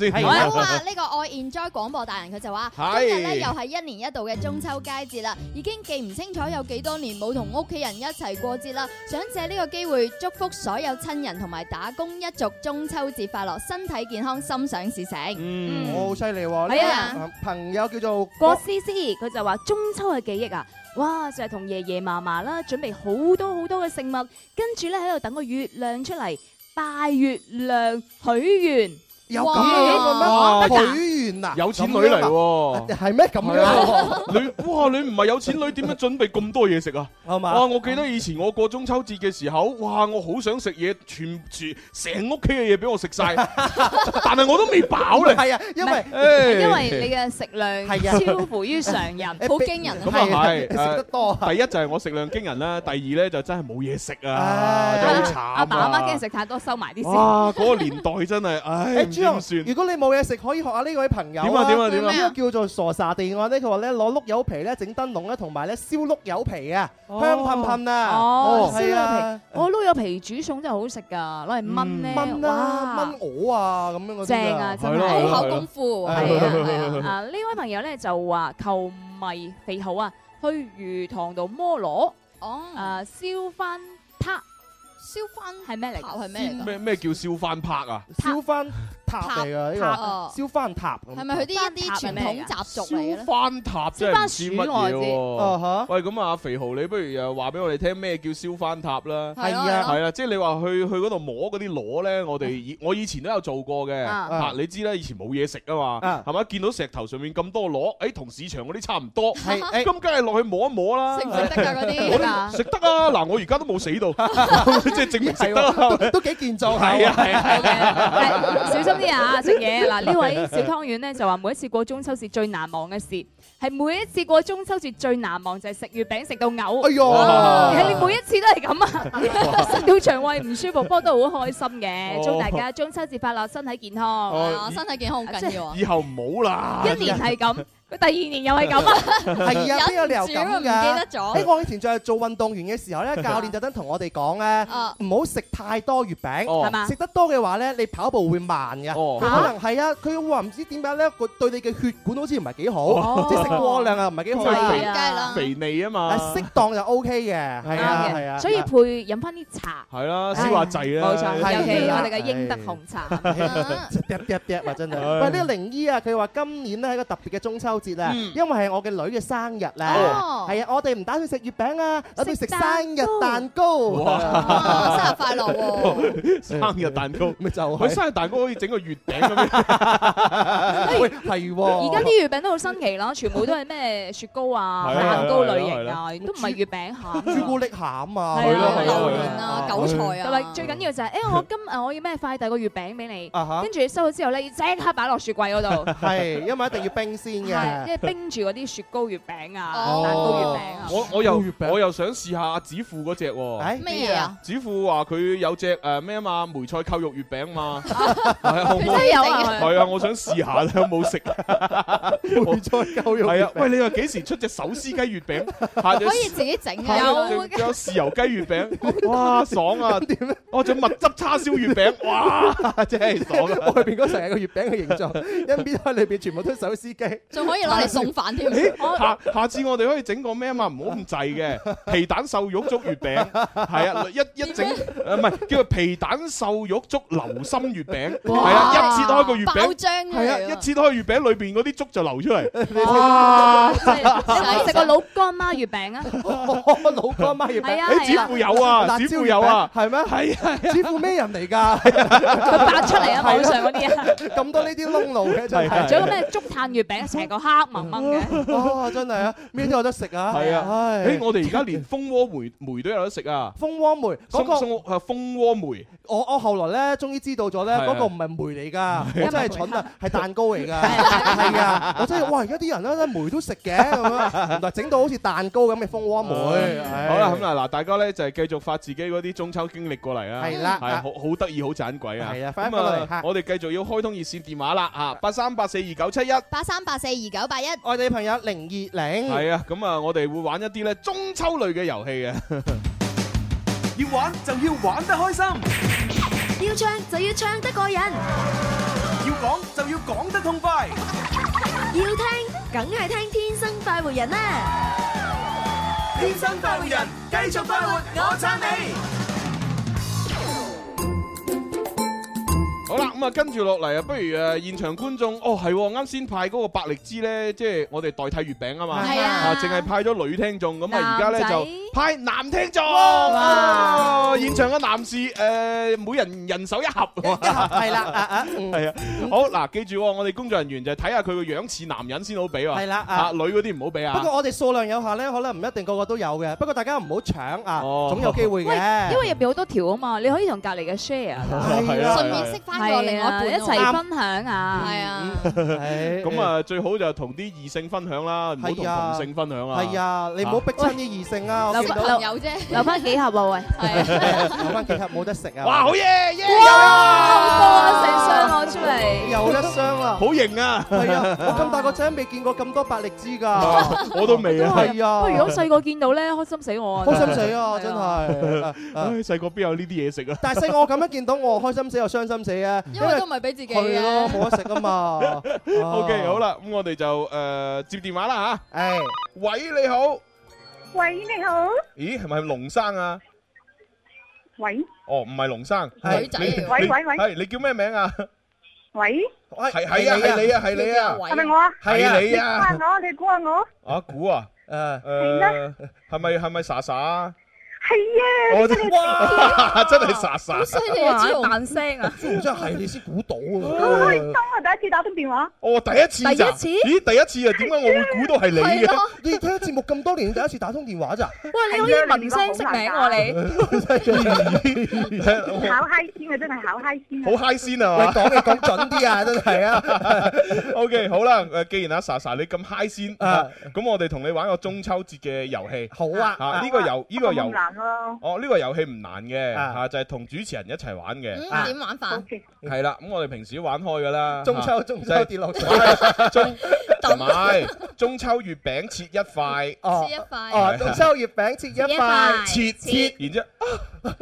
*laughs* 是好係啊！呢、這個愛 enjoy 廣播大人佢就話：今日咧又係一年一度嘅中秋佳節啦，已經記唔清楚有幾多年冇同屋企人一齊過節啦。想借呢個機會祝福所有親人同埋打工一族中秋節快樂，身體健康，心想事成。嗯，好犀利喎！呢個、啊啊、朋友叫做郭思思，佢就話中秋嘅記憶啊！哇，就係同爺爺嫲嫲啦，準備好多好多嘅食物，跟住咧喺度等個月亮出嚟拜月亮許願。有咁嘅樣個哇，女員嗱，有錢女嚟喎、啊，係咩咁樣、啊？ *laughs* 你？哇，你唔係有錢女，點樣準備咁多嘢食啊？啊嘛，哇！我記得以前我過中秋節嘅時候，哇！我好想食嘢，全全成屋企嘅嘢俾我食晒。 *laughs* 但係我都未飽咧。係啊，因為因為,、哎、因為你嘅食量超乎於常人，好、啊、驚人。咁啊係，食得多。第一就係我食量驚人啦，第二咧就是真係冇嘢食啊，真係慘。阿爸阿媽驚食太多，收埋啲先。哇！嗰、那個年代真係，唉、哎。 *laughs* 如果，如果你冇嘢食，可以學下呢、這個、位朋友啊，點啊點啊點啊！啊啊叫做傻傻地嘅話咧，佢話咧攞碌柚皮咧整燈籠咧，同埋咧燒碌柚皮嘅，香噴噴啊！哦，燒、哦、柚皮，我碌柚皮煮餸真係好食噶，攞嚟炆咧，炆、嗯、啊，炆鵝啊，咁、啊啊啊、樣正啊，真係好考功夫係啊！啊，呢位朋友咧就話求迷肥好啊，去魚塘度摸螺哦，啊燒番柏，燒番係咩嚟？柏係咩？咩咩叫燒番柏啊？燒番、啊塔嚟噶，呢個燒番塔咁，係咪佢啲一啲傳統習俗嚟？燒番塔真係屎乜嘢？喂，咁啊，肥豪，你不如又話俾我哋聽咩叫燒番塔啦？係啊，係啊，即係你話去去嗰度摸嗰啲螺咧，我哋我以前都有做過嘅。你知啦，以前冇嘢食啊嘛，係咪？見到石頭上面咁多螺，誒，同市場嗰啲差唔多，咁梗係落去摸一摸啦。食唔食得啊？嗰啲，食得啊！嗱，我而家都冇死到，即係證明食得。都幾健壯。係啊，係，係，小心。啲啊食嘢嗱，呢位小湯圓咧就話每一次過中秋節最難忘嘅事，係每一次過中秋節最難忘就係、是、食月餅食到嘔，哎呀，你每一次都係咁啊，食 *laughs* 到腸胃唔舒服，不 *laughs* 過都好開心嘅、哦，祝大家中秋節快樂，身體健康，哦、身體健康好緊要、啊啊就是、以後唔好啦，一年係咁。 *laughs* 佢第二年又係咁啊，係啊，邊個嚟又咁㗎？誒，我以前就係做運動員嘅時候咧，教練特登同我哋講咧，唔好食太多月餅，食得多嘅話咧，你跑步會慢㗎。可能係啊，佢話唔知點解咧，佢對你嘅血管好似唔係幾好，即係食過量啊，唔係幾好啊，肥膩啊嘛。適當就 OK 嘅，係啊係啊，所以配飲翻啲茶係啦，消滑滯啦，冇錯，係我哋嘅英德紅茶，喋喋喋啊！真係喂呢個靈醫啊，佢話今年咧係個特別嘅中秋節啦，因為係我嘅女嘅生日咧，係啊，我哋唔打算食月餅啊，我哋打算食生日蛋糕，生日快樂喎！生日蛋糕咪就，生日蛋糕可以整個月餅咁樣，係喎。而家啲月餅都好新奇囉，全部都係咩雪糕啊、蛋糕類型啊，都唔係月餅餡，朱古力餡啊，係啦，榴蓮啊、韭菜啊，同埋最緊要就係誒，我今日啊我要咩快遞個月餅俾你，跟住收咗之後咧要即刻擺落雪櫃嗰度，係，因為一定要冰鮮嘅。即係冰住嗰啲雪糕月餅啊，oh, 蛋糕月餅啊，我我又我又想試下阿子富嗰隻喎。咩啊？子富話佢有隻誒咩啊嘛，梅菜扣肉月餅嘛，係啊，真係有啊，係啊，我想試下咧，有冇食。梅菜扣肉係啊， *laughs* 喂，你話幾時出隻手撕雞月餅？可以自己整啊，仲有豉油雞月餅，哇，爽啊！點咧？我仲蜜汁叉燒月餅，哇，真係爽啊！外邊嗰層係個月餅嘅形狀，一搣開裏邊全部都手撕雞，仲可以。攞嚟餸飯添，下下次我哋可以整個咩啊嘛？唔好咁滯嘅皮蛋瘦肉粥，粥月餅，係啊，一一整唔係叫做皮蛋瘦肉粥流心月餅，係啊，一次切開個月餅，爆漿啊！係啊，一切開月餅裏邊嗰啲粥就流出嚟。你食個老乾媽月餅啊！乜老乾媽月餅，你只付有啊？只付有啊？係咩？係啊？只付咩人嚟㗎？佢發出嚟啊！網上嗰啲咁多呢啲窿路嘅就係，仲有咩竹炭月餅成個黑蒙蒙嘅，真係啊，咩、啊哎欸、 *laughs* 都有得食啊，係啊，誒我哋而家連蜂窩梅梅都有得食啊，蜂窩梅、嗰個蜂窩梅，我我後來咧終於知道咗咧，嗰個唔係梅嚟噶，我真係蠢啊，係蛋糕嚟噶，係啊，我真係、啊 *laughs* 是啊， *laughs* 哇而家啲人咧， *laughs* 咧梅都食嘅，咁啊，嗱整到好似蛋糕咁嘅蜂窩梅，好啦咁嗱，大家咧就係繼續發自己嗰啲中秋經歷過嚟啊，係啦，係好好得意好盞鬼啊，係啊，咁啊我哋繼續要開通熱線電話啦，八三八四二九七一，八三八四二，九八一，外地朋友零二零，係啊，咁啊，我哋會玩一啲咧中秋類嘅遊戲嘅，要玩就要玩得開心，要唱就要唱得過癮，要講就要講得痛快，要聽梗係聽天生快活人啦，天生快活人，繼續快活，我撐你。好啦，咁啊跟住落嚟啊，不如誒現場觀眾哦係，啱先派嗰個百力滋咧，即、就、係、係、我哋代替月餅啊嘛，係啊淨係、啊、派咗女聽眾，咁啊而家咧就派男聽眾，啊啊啊、現場嘅男士誒、呃、每人人手一盒，一,一盒係啦，係啊，啊嗯啊嗯、好嗱，記住我哋工作人員就睇下佢個樣似男人先好俾喎，係啦，啊，啊女嗰啲唔好俾啊。不過我哋數量有限咧，可能唔一定個個都有嘅，不過大家唔好搶啊、哦，總有機會嘅，因為入邊好多條啊嘛，你可以同隔籬嘅 share，順便識翻。係啊，一齊分享啊，係啊。咁啊，最好就同啲異性分享啦，唔好同同性分享啊。係啊，你唔好逼親啲異性啊。留翻有啫，留翻幾盒啊喂，留翻幾盒冇得食啊。哇，好嘢嘢！哇，好多成箱攞出嚟，有一箱啦，好型啊。係啊，我咁大個仔未見過咁多百力滋㗎，我都未係啊。如果細個見到咧，開心死我啊，開心死啊，真係。唉，細個邊有呢啲嘢食啊？但係細個咁樣見到，我開心死又傷心死啊！因為都唔係俾自己嘅，冇得食噶嘛。OK，好啦，咁我哋就誒接電話啦吓。誒，喂，你好，喂，你好。咦，係咪龍生啊？喂。哦，唔係龍生。係女仔。喂喂喂。係你叫咩名啊？喂。喂。係係啊，係你啊，係你啊。係咪我啊？係你啊。估下我，你估下我。啊，估啊，誒誒，係咪係咪傻傻？係啊、啊啊！真係真係莎莎，好犀利啊！聲啊，真係你先估到啊！當我第一次打通電話，哦、啊，第一次、啊，第一次，咦，第一次啊？點解我會估到係你嘅、啊啊？你聽節目咁多年，你第一次打通電話咋、啊啊？喂，你好、啊，以聞聲識名喎你，真係中意而且好嗨先啊！真係好嗨先好嗨先啊！先啊先啊 *laughs* 你講你！咁準啲啊！真係啊 *laughs* ！OK，好啦，既然啊，莎莎你咁嗨先啊，咁、啊、我哋同你玩個中秋節嘅遊戲。好啊，吓、啊、呢、啊啊這個遊，呢、啊這個遊。哦，呢、這個遊戲唔難嘅吓、啊啊，就係、是、同主持人一齊玩嘅。咁、嗯、點玩法？係、啊、啦，咁、okay. 我哋平時玩開噶啦。中秋、啊就是、中秋跌落水，係咪？ *laughs* 中秋月餅切一塊、啊，切一塊、啊。哦、啊，中秋月餅切一塊，切塊切，切，切，切。然之後，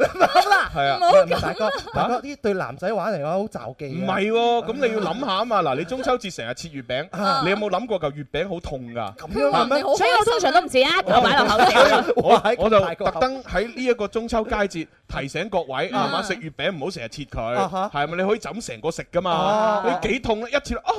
係 *laughs* *laughs* *laughs* *laughs* 啊，啊，啊，啊，大哥，大哥，呢對男仔玩嚟講好驟忌。唔係，咁、啊嗯啊、你要諗下啊嘛。嗱，你中秋節成日切月餅、啊，你有冇諗過嚿月餅好痛噶？咁、啊、樣所以我通常都唔切啊，就擺落口度。我喺我就特登。喺呢一個中秋佳節提醒各位，係嘛，食月餅唔好成日切佢，係咪你可以枕成個食噶嘛？你幾痛咧？一次咯，啊，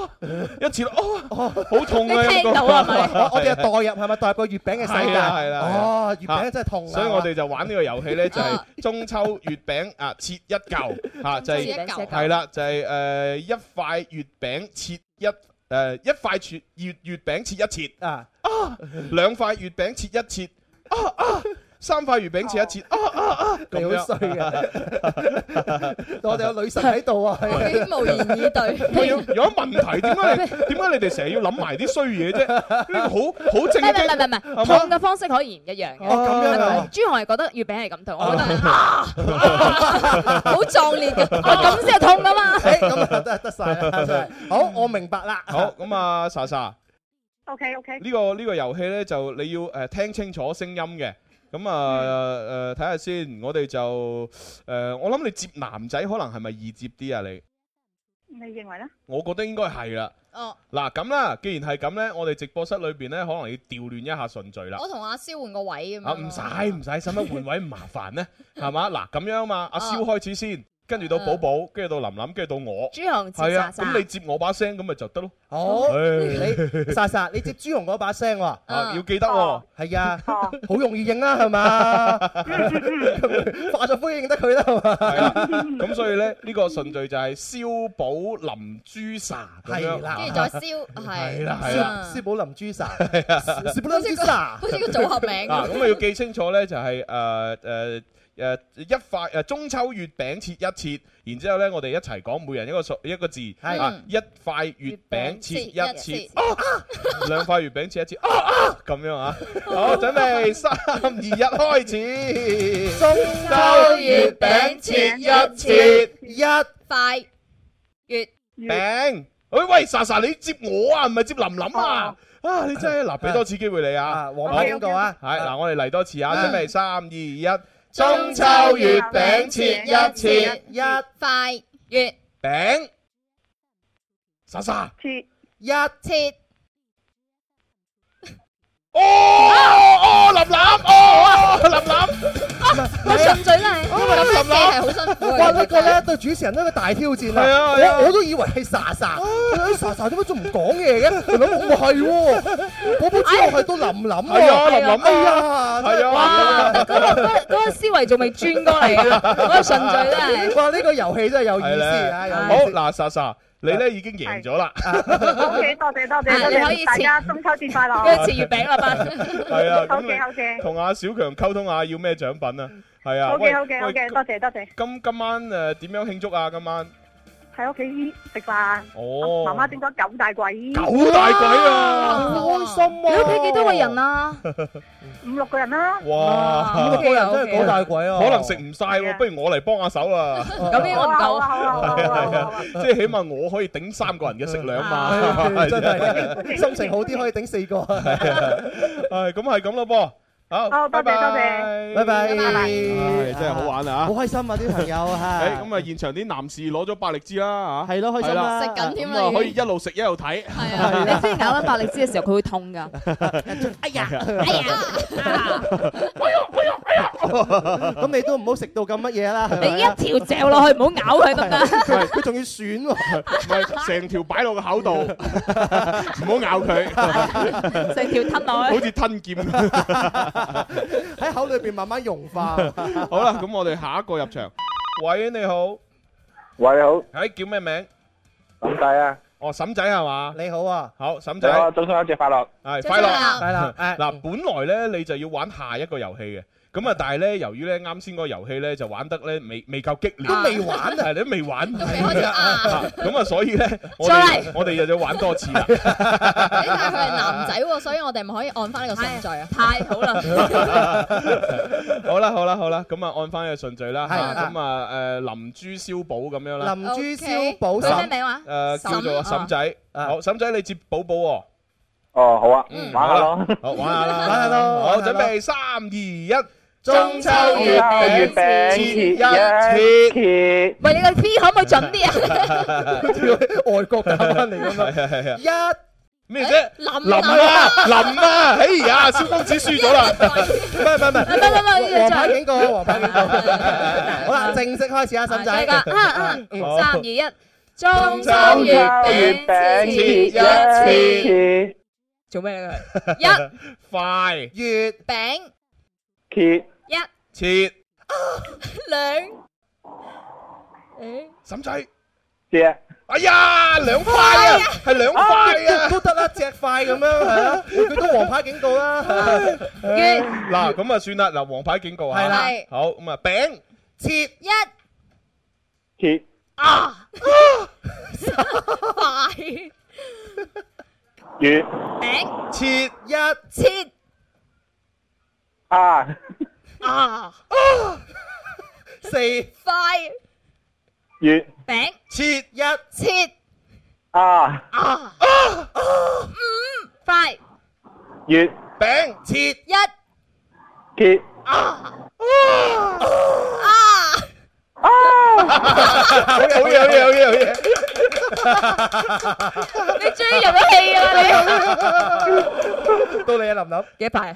一次咯，哦，好痛啊。啊我哋係代入係咪代入個月餅嘅世界？係啦，哦，月餅真係痛。所以我哋就玩呢個遊戲咧，就係中秋月餅啊，切一嚿，吓就係，係啦，就係誒一塊月餅切一誒一塊月月餅切一切啊，啊兩塊月餅切一切，啊啊。三塊月餅切一截，oh. 啊，啊啊啊！你好衰㗎，我哋有女神喺度啊！ *laughs* 我已無言以對。 *laughs* 有有問題，點解點解你哋成日要諗埋啲衰嘢啫？ *laughs* 呢、這個好好正經。唔唔唔唔唔，痛嘅方式可以唔一樣嘅。咁、ah, 樣朱紅係覺得月餅係咁痛，ah, 我覺得好壯，啊 ah, ah, 啊、烈嘅，咁先係痛噶嘛，啊？誒，咁得得晒， *laughs* 好，我明白啦。好咁啊，莎莎。OK OK。這個這個，遊戲呢個呢個遊戲咧，就你要誒聽清楚聲音嘅。咁、嗯、啊，睇、嗯、下、呃、先，我哋就、呃、我諗你接男仔可能係咪易接啲啊？你你認為咧？我覺得應該係啦。哦，嗱咁啦，既然係咁咧，我哋直播室裏面咧，可能要調亂一下順序啦。我同阿蕭換個位咁樣。啊，唔使唔使，使乜換位唔麻煩咧？係 *laughs* 嘛？嗱、啊，咁樣嘛，哦、阿蕭開始先。跟住到寶寶，跟、嗯、住到林琳，跟住到我，朱紅接沙沙、沙沙。咁你接我把聲，咁咪就得咯。好、哎，你沙沙，你接朱紅嗰把聲喎、啊，要記得喎。係啊，好、啊啊啊、容易認啦、啊，係嘛？ *laughs* 化作灰認得佢啦，係嘛？咁、嗯嗯嗯、所以咧，呢個順序就係蕭寶林朱砂，係啦。跟住再蕭，係啦係啦，蕭寶林朱砂，蕭寶林朱砂，好似個，個組合名。啊，咁啊要記清楚咧、就係，就係誒誒。呃誒、uh,，一塊誒中秋月餅切一切，然之後咧，我哋一齊講，每人一個數一個字，係、嗯 uh, 一塊月餅切一切，哦，兩塊月餅切一切，哦，咁、啊 *laughs* 啊啊、樣啊， *laughs* 好，準備三 *laughs* 二一，開始，中秋月餅切，切，切一切，一塊月餅，喂、哎，喂，莎莎你接我啊，唔係接琳琳啊，啊，啊，你真係，嗱，俾多次機會你啊，黃牌警告啊，係、啊，嗱、啊 okay okay 啊，我哋嚟多次啊，啊，準備三二一。中秋月餅切一切，一塊月餅，沙沙切一切。月月月哦哦林林哦林林，唔係順嘴嚟，林林係好辛苦。哇！呢個咧對主持人一個大挑戰啦。係啊，我都以為係傻傻，傻傻點解仲唔講嘢嘅？諗唔係？我冇知道係到林林啊，林林啊，係啊！哇！嗰個嗰個思維仲未轉過嚟啊，嗰個順嘴真係哇！呢個遊戲真係有意思啊！好嗱，傻傻。你呢已經贏咗啦！好嘅、okay，多謝、啊、多謝多謝，你可以大家中秋節快樂，跟住切月餅啦，係啊，好嘅好嘅，同阿小強溝通下要咩獎品啊，係啊，好嘅好嘅好嘅，okay, okay, 多謝，okay, 多謝多謝。今今晚誒點、呃、樣慶祝啊？今晚？喺屋企食飯，媽媽整咗九大簋，九大簋啊，好開心。你屋企幾多個人啊？五六個人啦。哇，五六個人真係九大簋啊！可能食唔晒，不如我嚟幫下手啦。講九大，係啊，即係起碼我可以頂三個人嘅食量嘛。真係心情好啲，可以頂四個。係咁，係咁咯噃。好，多謝多謝，拜拜，拜拜，真係好玩啊，好開心啊，啲朋友係，咁啊現場啲男士攞咗百力滋啦，吓係咯，開心啊，食緊添啊，可以一路食一路睇。係啊，你先咬咗百力滋嘅時候，佢會痛噶，哎呀，哎呀，哎呀，咁你都唔好食到咁乜嘢啦，你一條嚼落去，唔好咬佢咁樣，佢仲要吮喎，唔係成條擺落個口度，唔好咬佢，成條吞落去，好似吞劍。喺口裏邊慢慢融化。好啦，咁我哋下一個入場。喂，你好。喂，你好。誒，叫咩名？沈仔啊。哦，沈仔係嘛？你好啊。好，沈仔。祝你中秋節快樂。係，快樂，快樂。誒，嗱，本來咧你就要玩下一個遊戲嘅。咁啊！但係咧，由於咧啱先嗰個遊戲咧就玩得咧未未夠激烈，都未玩係你都未玩，都未開始，咁啊！所以咧，我哋我哋又要玩多次啦。但係佢係男仔喎，所以我哋咪可以按翻呢個順序啊！太好啦！好啦好啦好啦，咁啊按翻呢個順序啦，係咁啊誒林珠燒寶咁樣啦，林珠燒寶，佢咩名話？誒叫做嬸仔，好嬸仔，你接寶寶喎。哦，好啊，玩啦，好玩下啦，玩下啦，好準備三二一。中秋月餅切一切。喂，你個 f 可唔可以準啲啊？調 *laughs* 喺外國打，翻嚟，咁啊！一咩啫？林林，林，林啊， *laughs* 林，啊 *laughs* 林啊！哎呀，蕭 *laughs* 公子輸咗啦！唔係唔係唔係唔係唔係，黃牌警告，黃牌警告！好啦，正式開始啊，沈仔，大 *laughs* 家。嗯，三二一，中秋月餅切一切，做咩咧？一塊月餅。切一，切兩，誒，嬸仔，切啊，哎呀，兩塊，係兩塊啊，都得啦，只塊咁樣，佢都黃牌警告啦。嗱，咁啊算啦，嗱，黃牌警告啊，係，好咁啊餅，切一，切啊，三塊，月餅，切一，切。啊啊啊！四塊月餅切一切，啊啊啊！五塊月餅切一切，啊啊啊啊！好嘢好嘢好嘢好嘢！你終於入咗戲啊！你到你阿林林幾排啊？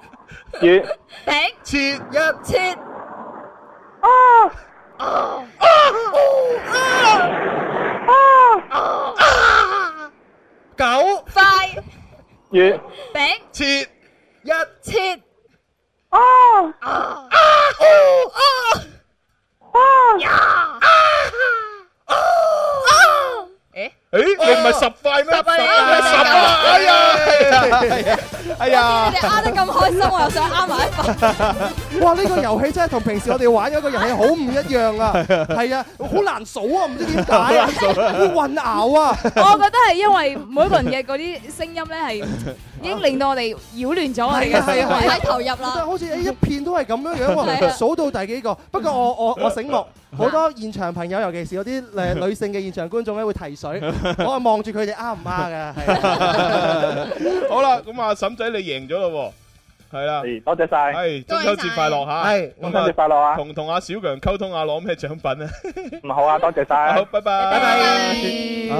月餅切一切，哦哦哦哦哦哦哦啊！九塊月餅切一切，哦哦啊哦哦哦啊啊啊！誒誒，你唔係十塊咩？十塊啊！哎呀！哎呀！你哋呃得咁開心，我又想呃埋一份。哇！呢個遊戲真係同平時我哋玩嗰個遊戲好唔一樣啊！係啊，好難數啊，唔知點解啊，好混淆啊！我覺得係因為每個人嘅嗰啲聲音咧係已經令到我哋擾亂咗啊！係啊，太投入啦！即係好似一片都係咁樣樣，數到第幾個？不過我我我醒目，好多現場朋友，尤其是有啲誒女性嘅現場觀眾咧，會提水。我望住佢哋啱唔啱嘅？好啦，咁啊，沈。所以你贏咗咯喎！係啦，多謝晒，係中秋節快樂吓，係中秋節快樂啊！同同阿小強溝通下攞咩獎品唔好啊，多謝晒、啊，好，好，拜拜，拜拜、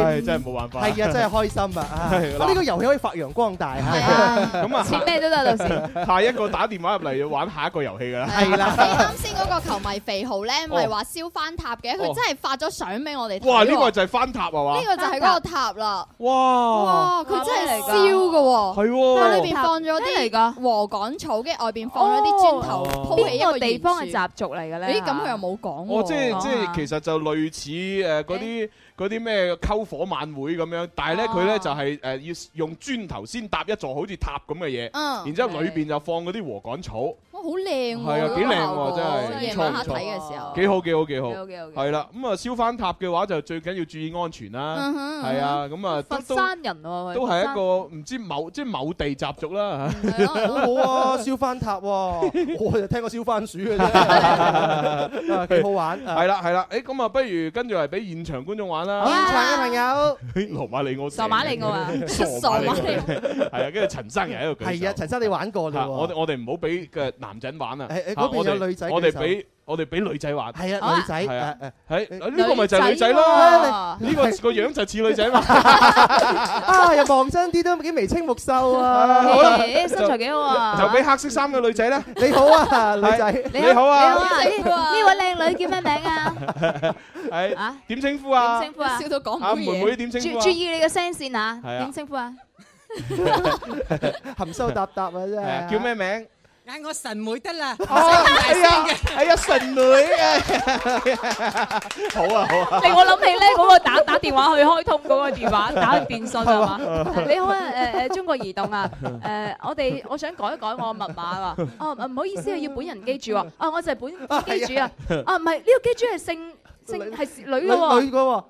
哎，真係冇辦法，係啊，真係開心啊！呢、 *laughs* 這個遊戲可以發揚光大咁 *laughs* 啊，切 *laughs* 咩都得到，到 *laughs* 時下一個打電話入嚟要玩下一個遊戲噶啦，係啦。啱先嗰個球迷肥豪咧，咪話燒翻塔嘅，佢、哦、真係發咗相俾我哋。哇，呢、這個就係翻塔啊嘛？呢、這個就係嗰個塔啦、啊。哇佢真係燒噶，係，但係、啊啊啊啊、裏邊放咗啲嚟噶趕草，嘅外邊放咗啲磚頭鋪起一個地方嘅習俗嚟嘅咧。咦，咁佢又冇講。哦，即係即係，其實就類似誒嗰啲嗰啲咩篝火晚會咁樣，但係咧佢咧就係誒要用磚頭先搭一座好似塔咁嘅嘢，嗯、然之後裏邊就放嗰啲禾稈草。好靚喎，幾靚喎，真係睇嘅時候，幾好幾好幾好，係啦，咁啊燒翻塔嘅話就最緊要注意安全啦，係啊，咁、嗯、啊、嗯嗯、佛山人、啊、都係一個唔知道某即係、就是、某地習俗啦，好、嗯、 *laughs* 好啊，燒翻塔、啊， *laughs* 我就聽過燒番薯，嘅 *laughs* *laughs* *laughs* 幾好玩，係啦係啦，誒咁啊，不如跟住嚟俾現場觀眾玩啦，現場嘅朋友，羅馬尼我，羅馬尼我啊，傻馬嚟，係、嗯、啊，跟住陳生又喺度係啊，陳生你玩過啦我我哋唔好俾嘅男仔玩啊，邊有女仔，我哋我哋俾我哋俾女仔玩。係啊，女仔係啊，誒，呢個咪就係女仔咯。呢個個樣就似女仔嘛。啊，又望真啲都幾眉清目秀啊。好啦，啲身材幾好啊。就俾黑色衫嘅女仔啦。你好啊，女仔。你好啊。你好啊。呢位靚女叫咩名啊？係啊。點稱呼啊？點稱呼啊？笑到講唔完嘢。啊，妹妹點稱呼啊？注意你嘅聲線啊。係啊。點稱呼啊？含羞答答啊，真係。叫咩名？揀我神妹得啦，唔想大聲嘅。係啊，神女啊！好啊，好啊。令我諗起咧，嗰個打打電話去開通嗰個電話打去電信係嘛？你好啊，誒誒，中國移動啊，誒，我哋我想改一改我嘅密碼啊。哦，唔好意思啊，要本人機主啊。啊，我就係本機主啊。啊，唔係，呢個機主係姓姓係女嘅喎。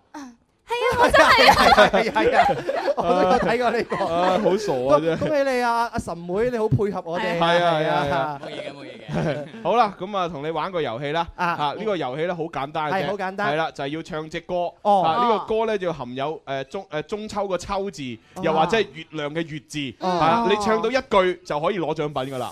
係啊，我真係啊，係啊,啊,啊,啊,啊,啊，我都睇過呢個、啊，好、 *laughs* 啊、傻啊！真，恭喜你啊，阿神妹，你好配合我哋，係啊，係啊，冇嘢嘅，冇嘢嘅。好啦，咁啊，同、啊啊、 *laughs* 你玩個遊戲啦，啊，呢、呢個遊戲咧好簡單嘅，好、哦啊、簡單，係啦、啊，就係、係、要唱隻歌，哦、啊，呢、呢個歌咧就含有誒中誒中秋個秋字，又或者係月亮嘅月字，哦、啊，啊哦、你唱到一句就可以攞獎品噶啦。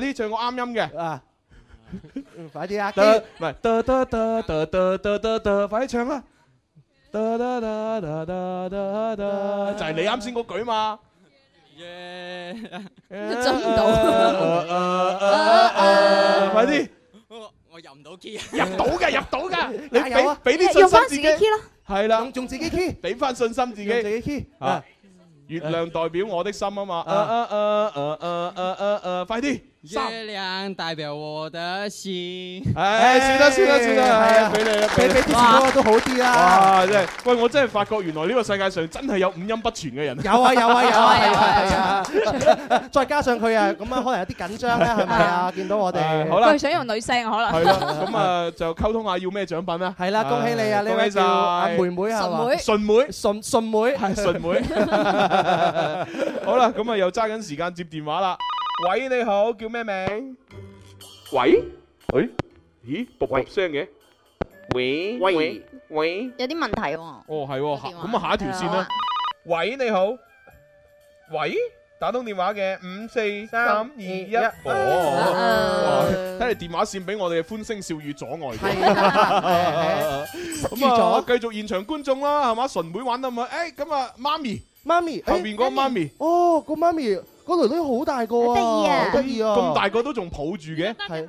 呢唱我啱音嘅啊，快啲啊！唔係，噠噠噠噠噠噠噠噠，快啲唱啦！噠噠噠噠噠噠，就係你啱先嗰句嘛。做唔到，快啲！我入唔到 key 啊！入到嘅，入到噶，你俾俾啲信心自己咯。係啦，咁仲自己 key，俾翻信心自己。自己 key 啊！月亮代表我的心啊嘛！啊啊啊啊啊啊啊！快啲！月亮代表我的心，係，算啦算啦算啦，係啊，俾你啦，俾俾啲都好啲啦、啊。哇，真係，喂，我真係發覺原來呢個世界上真係有五音不全嘅人。有啊有啊有啊，係啊， *laughs* 有啊有啊有啊 *laughs* 再加上佢啊，咁啊，可能有啲緊張咧，係 *laughs* 咪啊？見到我哋，佢、啊、想用女聲可能。係啦，咁啊，那 *laughs* 就溝通下要咩獎品啊？係啦，恭喜你啊，呢位就、啊，阿妹妹啊，嘛？妹，純妹，純純妹，係純妹。好啦，咁啊，又揸緊時間接電話啦。喂，你好，叫咩名？喂？誒？咦？撲撲聲嘅？喂？喂？喂？有啲問題喎。哦，係，咁啊，下一條綫啦。喂，你好。喂？打通電話嘅，五四三二一。哦，睇嚟電話綫俾我哋嘅歡聲笑語阻礙咗。係啊。咁啊，繼續現場觀眾啦，係嘛？純妹玩得咪？誒，咁啊，媽咪。媽咪，後面個媽咪，哎、媽咪，哦，個媽咪，個女女好大個啊，好得意啊，咁、哦、大個都仲抱住嘅，係。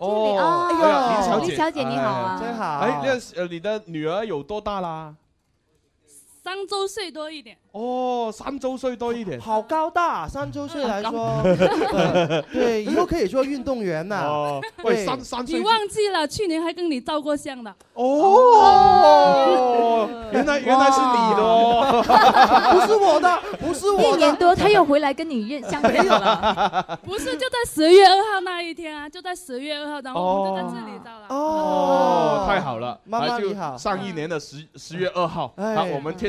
哦，理、哦哎、啊，林小姐，林小姐、哎、你好、啊，真好。哎，那、這個呃、你的女兒有多大啦？三周歲多一點哦，三周歲多一點，好高大、啊，三周歲來說、嗯 *laughs* 呃，對，以後可以做運動員呐、啊。哦，三三你忘記了去年還跟你照過相的哦，哦，哦，哦，哦？原來原來是你的，不是我的，不是我一年多他又回來跟你認相認了啦沒有，不是就在十月二號那一天啊？就在十月二號、哦，然後在這裏照了哦哦。哦，太好了，媽媽就好，上一年的十十、啊、月二號，啊、哎、啊。我們天。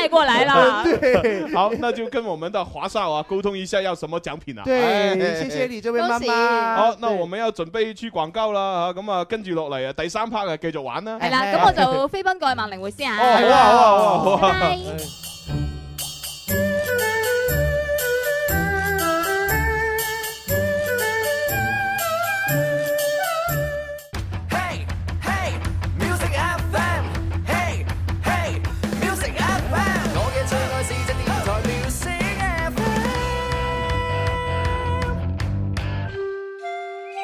帶過來了， *laughs* 好，那就跟我們的華少啊溝通一下要什麼獎品啊。對，謝謝你這位媽媽。好，那我們要準備去廣告啦，咁啊，跟住落嚟啊，第三 part 啊繼續玩啦。係啦，咁我就飛奔過去萬菱匯先啊。哦，好啊，好啊，好。拜。好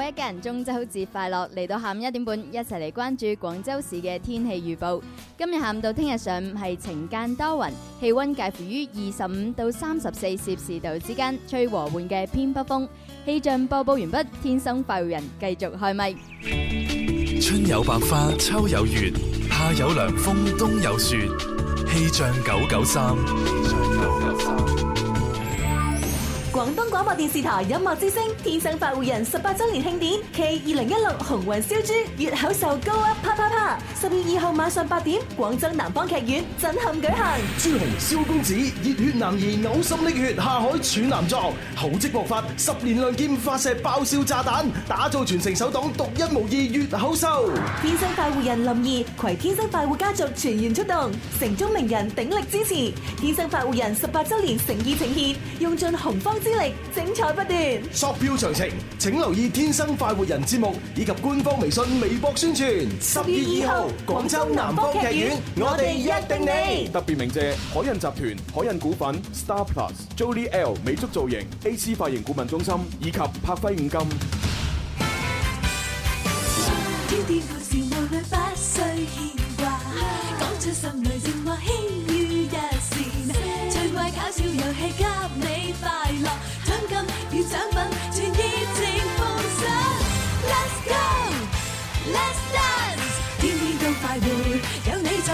我一家人中秋節快樂！嚟到下午一點半，一齊嚟關注廣州市嘅天氣預報。今日下午到聽日上午係晴間多雲，氣溫介乎於二十五到三十四攝氏度之間，吹和緩嘅偏北風。氣象播報完畢，天生快活人繼續開咪。春有百花，秋有月，夏有涼風，冬有雪。氣象九九三。廣東廣播電視台音樂之聲天生快活人十八周年慶典暨二零一六紅雲燒豬粵口秀高 up 啪啪啪，十月二號晚上八點，廣州南方劇院震撼舉行。朱紅蕭公子，熱血男兒嘔心瀝血下海處男作厚積薄發，十年亮劍發射爆笑炸彈，打造全城首檔獨一無二粵口秀。天生快活人林怡携天生快活家族全員出動，城中名人鼎力支持，天生快活人十八周年誠意呈現，用盡洪荒。精彩，精彩不斷，索票詳情請留意《天生快活人之》節目以及官方微信、微博宣傳。十月二號廣州南方劇院，院，我哋約定你。特別鳴謝海印集團、海印股份、Star Plus、Jolie L、美足造型、AC 髮型顧問中心以及柏輝五金。 *music*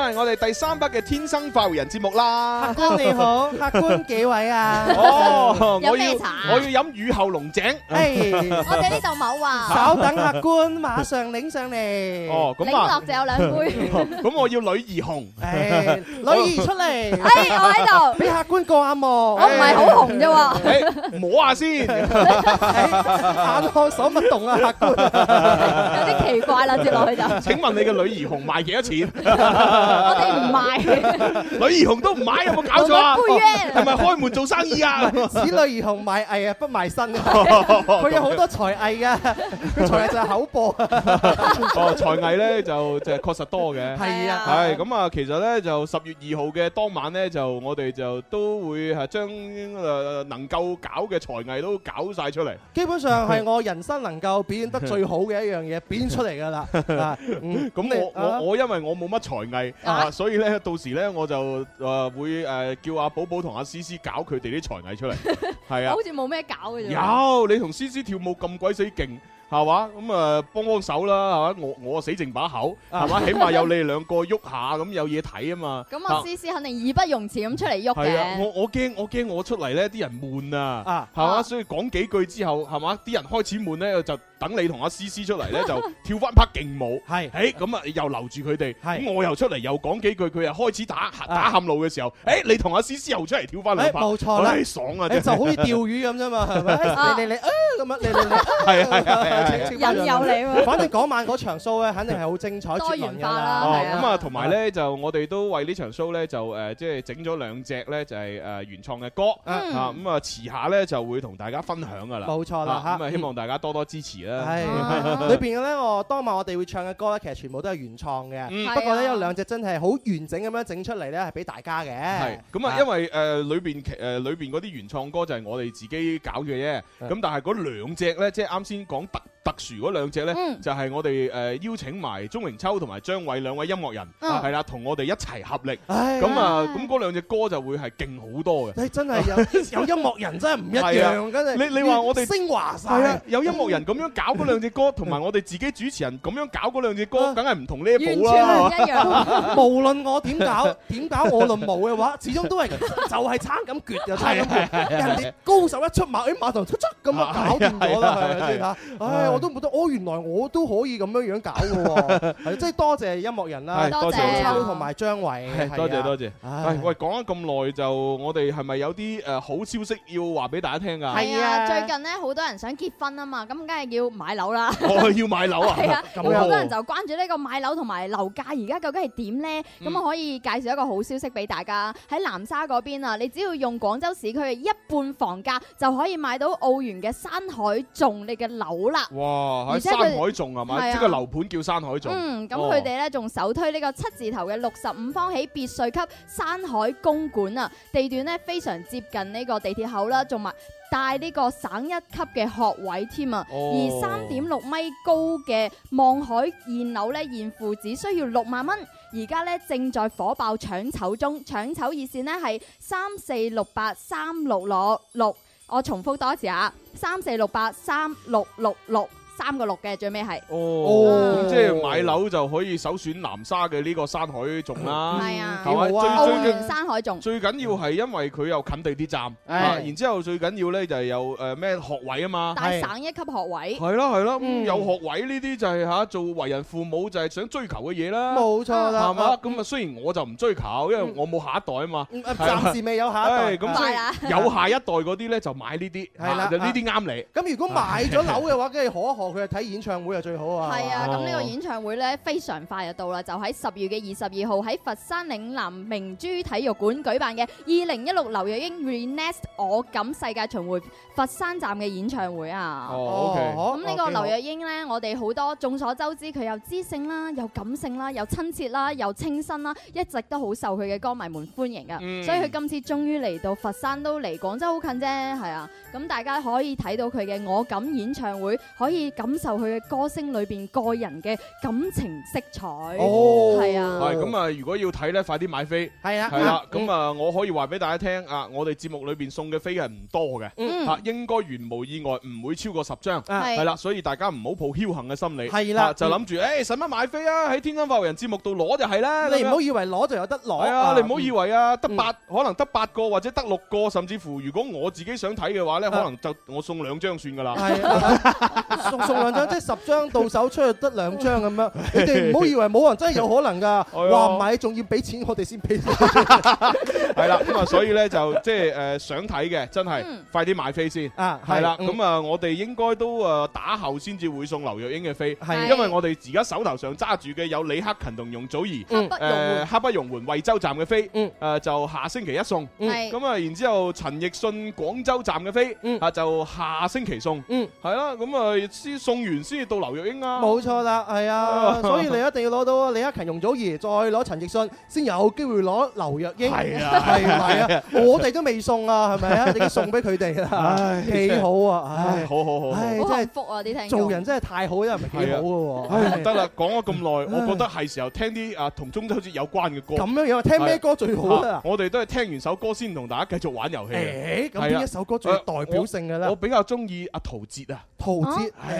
係我哋第三 part 嘅天生化為人節目啦。客官你好，客官幾位啊？哦，有咩茶？我要飲雨後龍井。哎，我哋呢度冇啊。稍等，客官，馬上拎上嚟。哦，咁啊，落就有兩杯。咁我要女兒紅。哎，女兒出嚟。哎，我喺度。俾客官過下目。我唔係好紅啫。唔好話先，眼看手不動啊，客官。有啲奇怪啦，接落去就。請問你嘅女兒紅賣幾多錢？我哋唔賣女兒紅都唔買，有冇搞錯啊？係咪開門做生意啊？子女兒紅賣藝不賣身，佢有好多才藝噶，佢才藝就係口播。哦，才藝咧就就確實多嘅，係啊，係咁啊。其實咧就十月二號嘅當晚咧，就我哋就都會係將誒能夠搞嘅才藝都搞晒出嚟。基本上係我人生能夠表演得最好嘅一樣嘢，表演出嚟噶啦。咁我我我因為我冇乜才藝。啊，啊，所以咧，到時咧，我就誒、呃、會誒、呃、叫阿寶寶同阿思思搞佢哋啲才藝出嚟，係 *laughs* 啊，好似冇咩搞嘅，有你同思思跳舞咁鬼死勁，係嘛？咁啊幫幫手啦，係、呃、嘛，我我死剩把口，係、啊、嘛，起碼有你哋兩個喐下，咁有嘢睇啊嘛，咁阿思思肯定義不容辭咁出嚟喐嘅。我我驚我驚我出嚟咧，啲人悶啊，係、啊、嘛、啊，所以講幾句之後，係嘛，啲人開始悶咧就。等你同阿詩詩出嚟咧，就跳翻 part 勁舞。係，誒咁啊，又留住佢哋。係，咁我又出嚟又講幾句，佢又開始打打冚路嘅時候，誒你同阿詩詩又出嚟跳翻兩 part。冇錯啦，爽啊！就好似釣魚咁啫嘛，係咪？你你你啊咁啊，你你你係啊係啊係啊！引誘你喎。反正嗰晚嗰場 show 咧，肯定係好精彩多元化啦。係啊，咁啊同埋咧就我哋都為呢場 show 咧就誒即係整咗兩隻咧就係誒原創嘅歌啊咁啊遲下咧就會同大家分享噶啦。冇錯啦嚇，咁啊希望大家多多支持啊！係，裏邊嘅咧，我當晚我哋會唱嘅歌咧，其實全部都係原創嘅、嗯。不過咧有兩隻真係好完整咁樣整出嚟咧，係俾大家嘅。係，咁啊，因為誒、啊呃、裏邊劇誒裏邊嗰啲原創歌就係我哋自己搞嘅啫。咁、啊、但係嗰兩隻咧，即係啱先講特特殊嗰兩隻咧，嗯、就係我哋誒邀請埋鍾榮秋同埋張偉兩位音樂人，係、嗯、啦、啊，同我哋一齊合力。咁啊、嗯、啊，咁嗰兩隻歌就會係勁好多嘅、啊。 *laughs* 你真係有有音樂人真係唔一樣，真係、啊、你你話我哋升華晒，啊、有音樂人咁樣。搞嗰兩隻歌，同埋我哋自己主持人咁樣搞嗰兩隻歌，梗係唔同呢一部啦。一樣，無論我點搞，點搞我論冇嘅話，始終都係就係撐咁撅，就係咁撅。人哋高手一出馬喺馬頭出出咁樣搞掂咗啦，係咪先嚇？唉，我都冇得，哦，原來我都可以咁樣樣搞嘅喎。係，即係多謝音樂人啦，多謝秋同埋張衞，多謝多謝。唉，喂，講咗咁耐，就我哋係咪有啲誒好消息要話俾大家聽㗎？係啊，最近咧好多人想結婚啊嘛，咁梗係要。買樓啦，哦！要買樓啊！ *laughs* 啊好多、啊、人就關注呢個買樓同埋樓價而家究竟係點咧？咁、嗯、我可以介紹一個好消息俾大家喺、啊、南沙嗰邊啊！你只要用廣州市區一半房價就可以買到奧園嘅山海頌呢嘅樓啦！哇！而且山海頌係嘛？呢、啊、個樓盤叫山海頌。嗯，咁佢哋咧仲首推呢個七字頭嘅六十五方起別墅級山海公館啊！地段咧非常接近呢個地鐵口啦，仲埋。帶呢個省一級嘅學位添啊，而三點六米高嘅望海現樓咧，現付只需要六萬蚊，而家咧正在火爆搶籌中，搶籌熱線呢，係三四六八三六六六，我重複多一次啊，三四六八三六六六。三個六嘅最尾係哦，咁即係買樓就可以首選南沙嘅呢個山海仲啦，係啊，最最緊山海仲最緊要係因為佢又近地鐵站，然之後最緊要咧就係有誒咩學位啊嘛，大省一級學位係咯係咯，有學位呢啲就係吓做為人父母就係想追求嘅嘢啦，冇錯啦，係嘛，咁啊雖然我就唔追求，因為我冇下一代啊嘛，暫時未有下一代，咁所以有下一代嗰啲咧就買呢啲係啦，就呢啲啱你。咁如果買咗樓嘅話，梗係可可。佢睇演唱會啊，最好啊！係啊，咁呢個演唱會咧非常快就到啦，就喺十月嘅二十二號喺佛山嶺南明珠體育館舉辦嘅二零一六劉若英 Renest 我感世界巡迴佛山站嘅演唱會啊！哦，咁呢個劉若英咧，我哋好多眾所周知，佢又知性啦，又感性啦，又親切啦，又清新啦，一直都好受佢嘅歌迷們歡迎嘅、嗯。所以佢今次終於嚟到佛山，都嚟廣州好近啫，係啊！咁大家可以睇到佢嘅我感演唱會可以。感受佢嘅歌聲裏邊個人嘅感情色彩。哦，係啊。係咁啊，如果要睇咧，快啲買飛。係啊，係啦、啊。咁、嗯、啊、嗯，我可以話俾大家聽啊，我哋節目裏邊送嘅飛係唔多嘅。嗯。啊，應該元無意外唔會超過十張。係、啊。係啦、啊啊，所以大家唔好抱僥幸嘅心理。係啦、啊啊。就諗住誒，使、嗯、乜、欸、買飛啊？喺《天生發人》節目度攞就係啦。你唔好以為攞就有得攞、啊。啊，你唔好以為啊，得、嗯、八、嗯、可能得八個或者得六個，甚至乎如果我自己想睇嘅話咧、啊，可能就我送兩張算噶啦。係啊。 *laughs* *laughs* 送兩張即係十張到手出去得兩張咁樣， *laughs* 你哋唔好以為冇人真係有可能㗎，話唔埋仲要俾錢我哋先俾，係啦咁啊，所以咧就即係誒想睇嘅真係、嗯、快啲買飛先啊，係啦，咁啊、嗯、我哋應該都誒打後先至會送劉若英嘅飛，係因為我哋而家手頭上揸住嘅有李克勤同容祖兒誒，刻、嗯呃、不容緩惠州站嘅飛，誒、嗯呃、就下星期一送，咁、嗯、啊然之後陳奕迅廣州站嘅飛、嗯、啊就下星期送，係啦咁啊。送完先至到劉若英啊！冇錯啦，係啊，所以你一定要攞到李克勤、容祖兒，再攞陳奕迅，先有機會攞劉若英。係啊，係咪啊？我哋都未送啊，係咪啊？你送俾佢哋啦。唉，幾好啊！唉，好好好，真係福啊！啲聽眾做人真係太好，真係太好噶喎！得啦，講咗咁耐，我覺得係時候聽啲啊同中秋節有關嘅歌。咁樣樣，聽咩歌最好啊？我哋都係聽完首歌先同大家繼續玩遊戲啊！咁邊一首歌最有代表性嘅咧？我比較中意阿陶喆啊，陶喆係。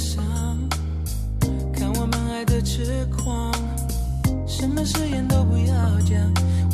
想看我們愛的痴狂，什麼誓言都不要講。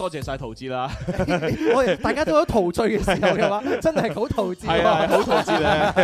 多謝曬陶子啦！我哋大家都有陶醉嘅時候嘅嘛，真係好陶醉啊！係，係好陶醉啊！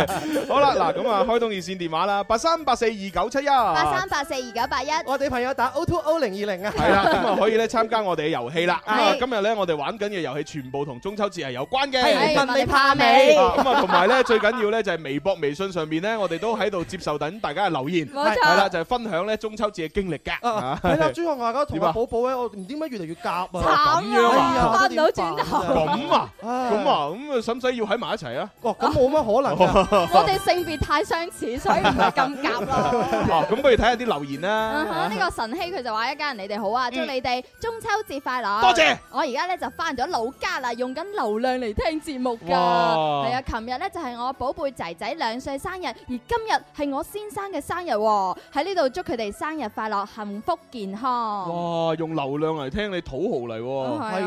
好啦，嗱咁啊，開通二線電話啦，八三八四二九七一，八三八四二九八一。我哋朋友打 O TWO O 零二零啊，係啦，咁啊可以咧參加我哋嘅遊戲啦。係今日咧，我哋玩緊嘅遊戲全部同中秋節係有關嘅，問你怕未？咁啊，同埋咧最緊要咧就係微博、微信上面咧，我哋都喺度接受緊大家嘅留言，係啦，就係分享咧中秋節嘅經歷㗎。係啦，朱同學啊，嗰個同學寶寶咧，我唔知點解越嚟越夾啊！咁樣翻唔、哎、到轉頭、啊，咁啊，咁啊，咁啊，使唔使要喺埋一齊啊？哇，咁冇乜可能啊！ *laughs* 我哋性別太相似，所以唔咁夾咯。嗱、 *laughs* 哦，咁不如睇下啲留言啦、啊。呢、uh -huh, 個晨曦佢就話：一家人，你哋好啊，祝你哋中秋節快樂。多謝。我而家咧就翻咗老家啦，用緊流量嚟聽節目㗎。係啊，琴日咧就係、是、我寶貝仔仔兩歲生日，而今日係我先生嘅生日喎。喺呢度祝佢哋生日快樂，幸福健康。哇，用流量嚟聽你土豪嚟喎！係、哦、啊，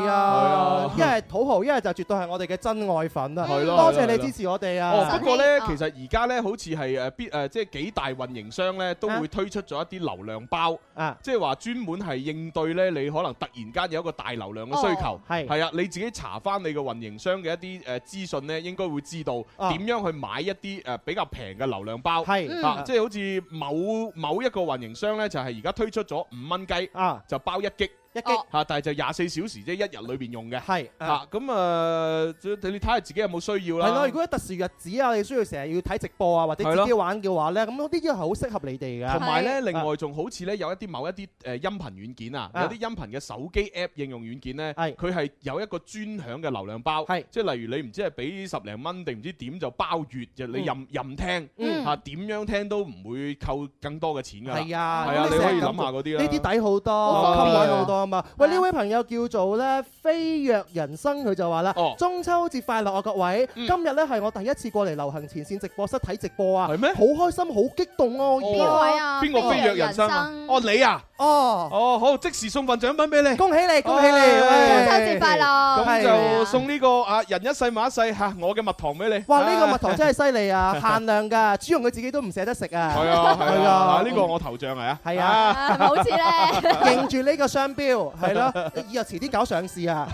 一係、啊啊、土豪，一係就絕對係我哋嘅真愛粉啊！係咯、啊，多謝你支持我哋啊，啊，啊，啊、哦！不過呢，哦、其實而家呢，好似係誒必誒、呃，即係幾大運營商呢都會推出咗一啲流量包啊，即係話專門係應對呢你可能突然間有一個大流量嘅需求係係、哦、啊！你自己查翻你個運營商嘅一啲誒資訊呢應該會知道點樣去買一啲誒、呃、比較平嘅流量包係、啊嗯啊、即係好似某某一個運營商呢，就係而家推出咗五蚊雞啊，就包 1G。一擊嚇，但係就廿四小時啫，一日裏邊用嘅係嚇，咁啊，啊呃、你睇下自己有冇需要啦、啊。係咯，如果啲特殊日子啊，你需要成日要睇直播啊，或者自己玩嘅話咧，咁嗰啲嘢係好適合你哋㗎。同埋咧，另外仲好似咧有一啲某一啲誒音頻軟件啊，有啲音頻嘅手機 App 應用軟件咧，佢係有一個專享嘅流量包，即係例如你唔知係俾十零蚊定唔知點就包月就你任、嗯、任聽嚇，點、嗯啊、樣聽都唔會扣更多嘅錢㗎。係啊，係啊，你可以諗下嗰啲啦。呢啲抵好多，襟、哦、好多。啊對對對對對對。是是，喂，呢位朋友叫做咧飛躍人生，佢就話啦、哦：中秋節快樂啊各位！今日咧係我第一次過嚟流行前線直播室睇直播啊，係咩？好開心，好激動、啊、哦！邊位啊？邊個、啊、飛躍人生啊？生哦，你啊！哦，哦好，即時送份獎品俾你，恭喜你，恭喜你，生日快樂！咁就送呢個啊，人一世，馬一世嚇，我嘅蜜糖俾你。哇，呢個蜜糖真係犀利啊，限量㗎，主要佢自己都唔捨得食啊。係啊，係啊，呢個我頭像係啊，係啊，係咪好似咧？認住呢個商標係咯，以後遲啲搞上市啊。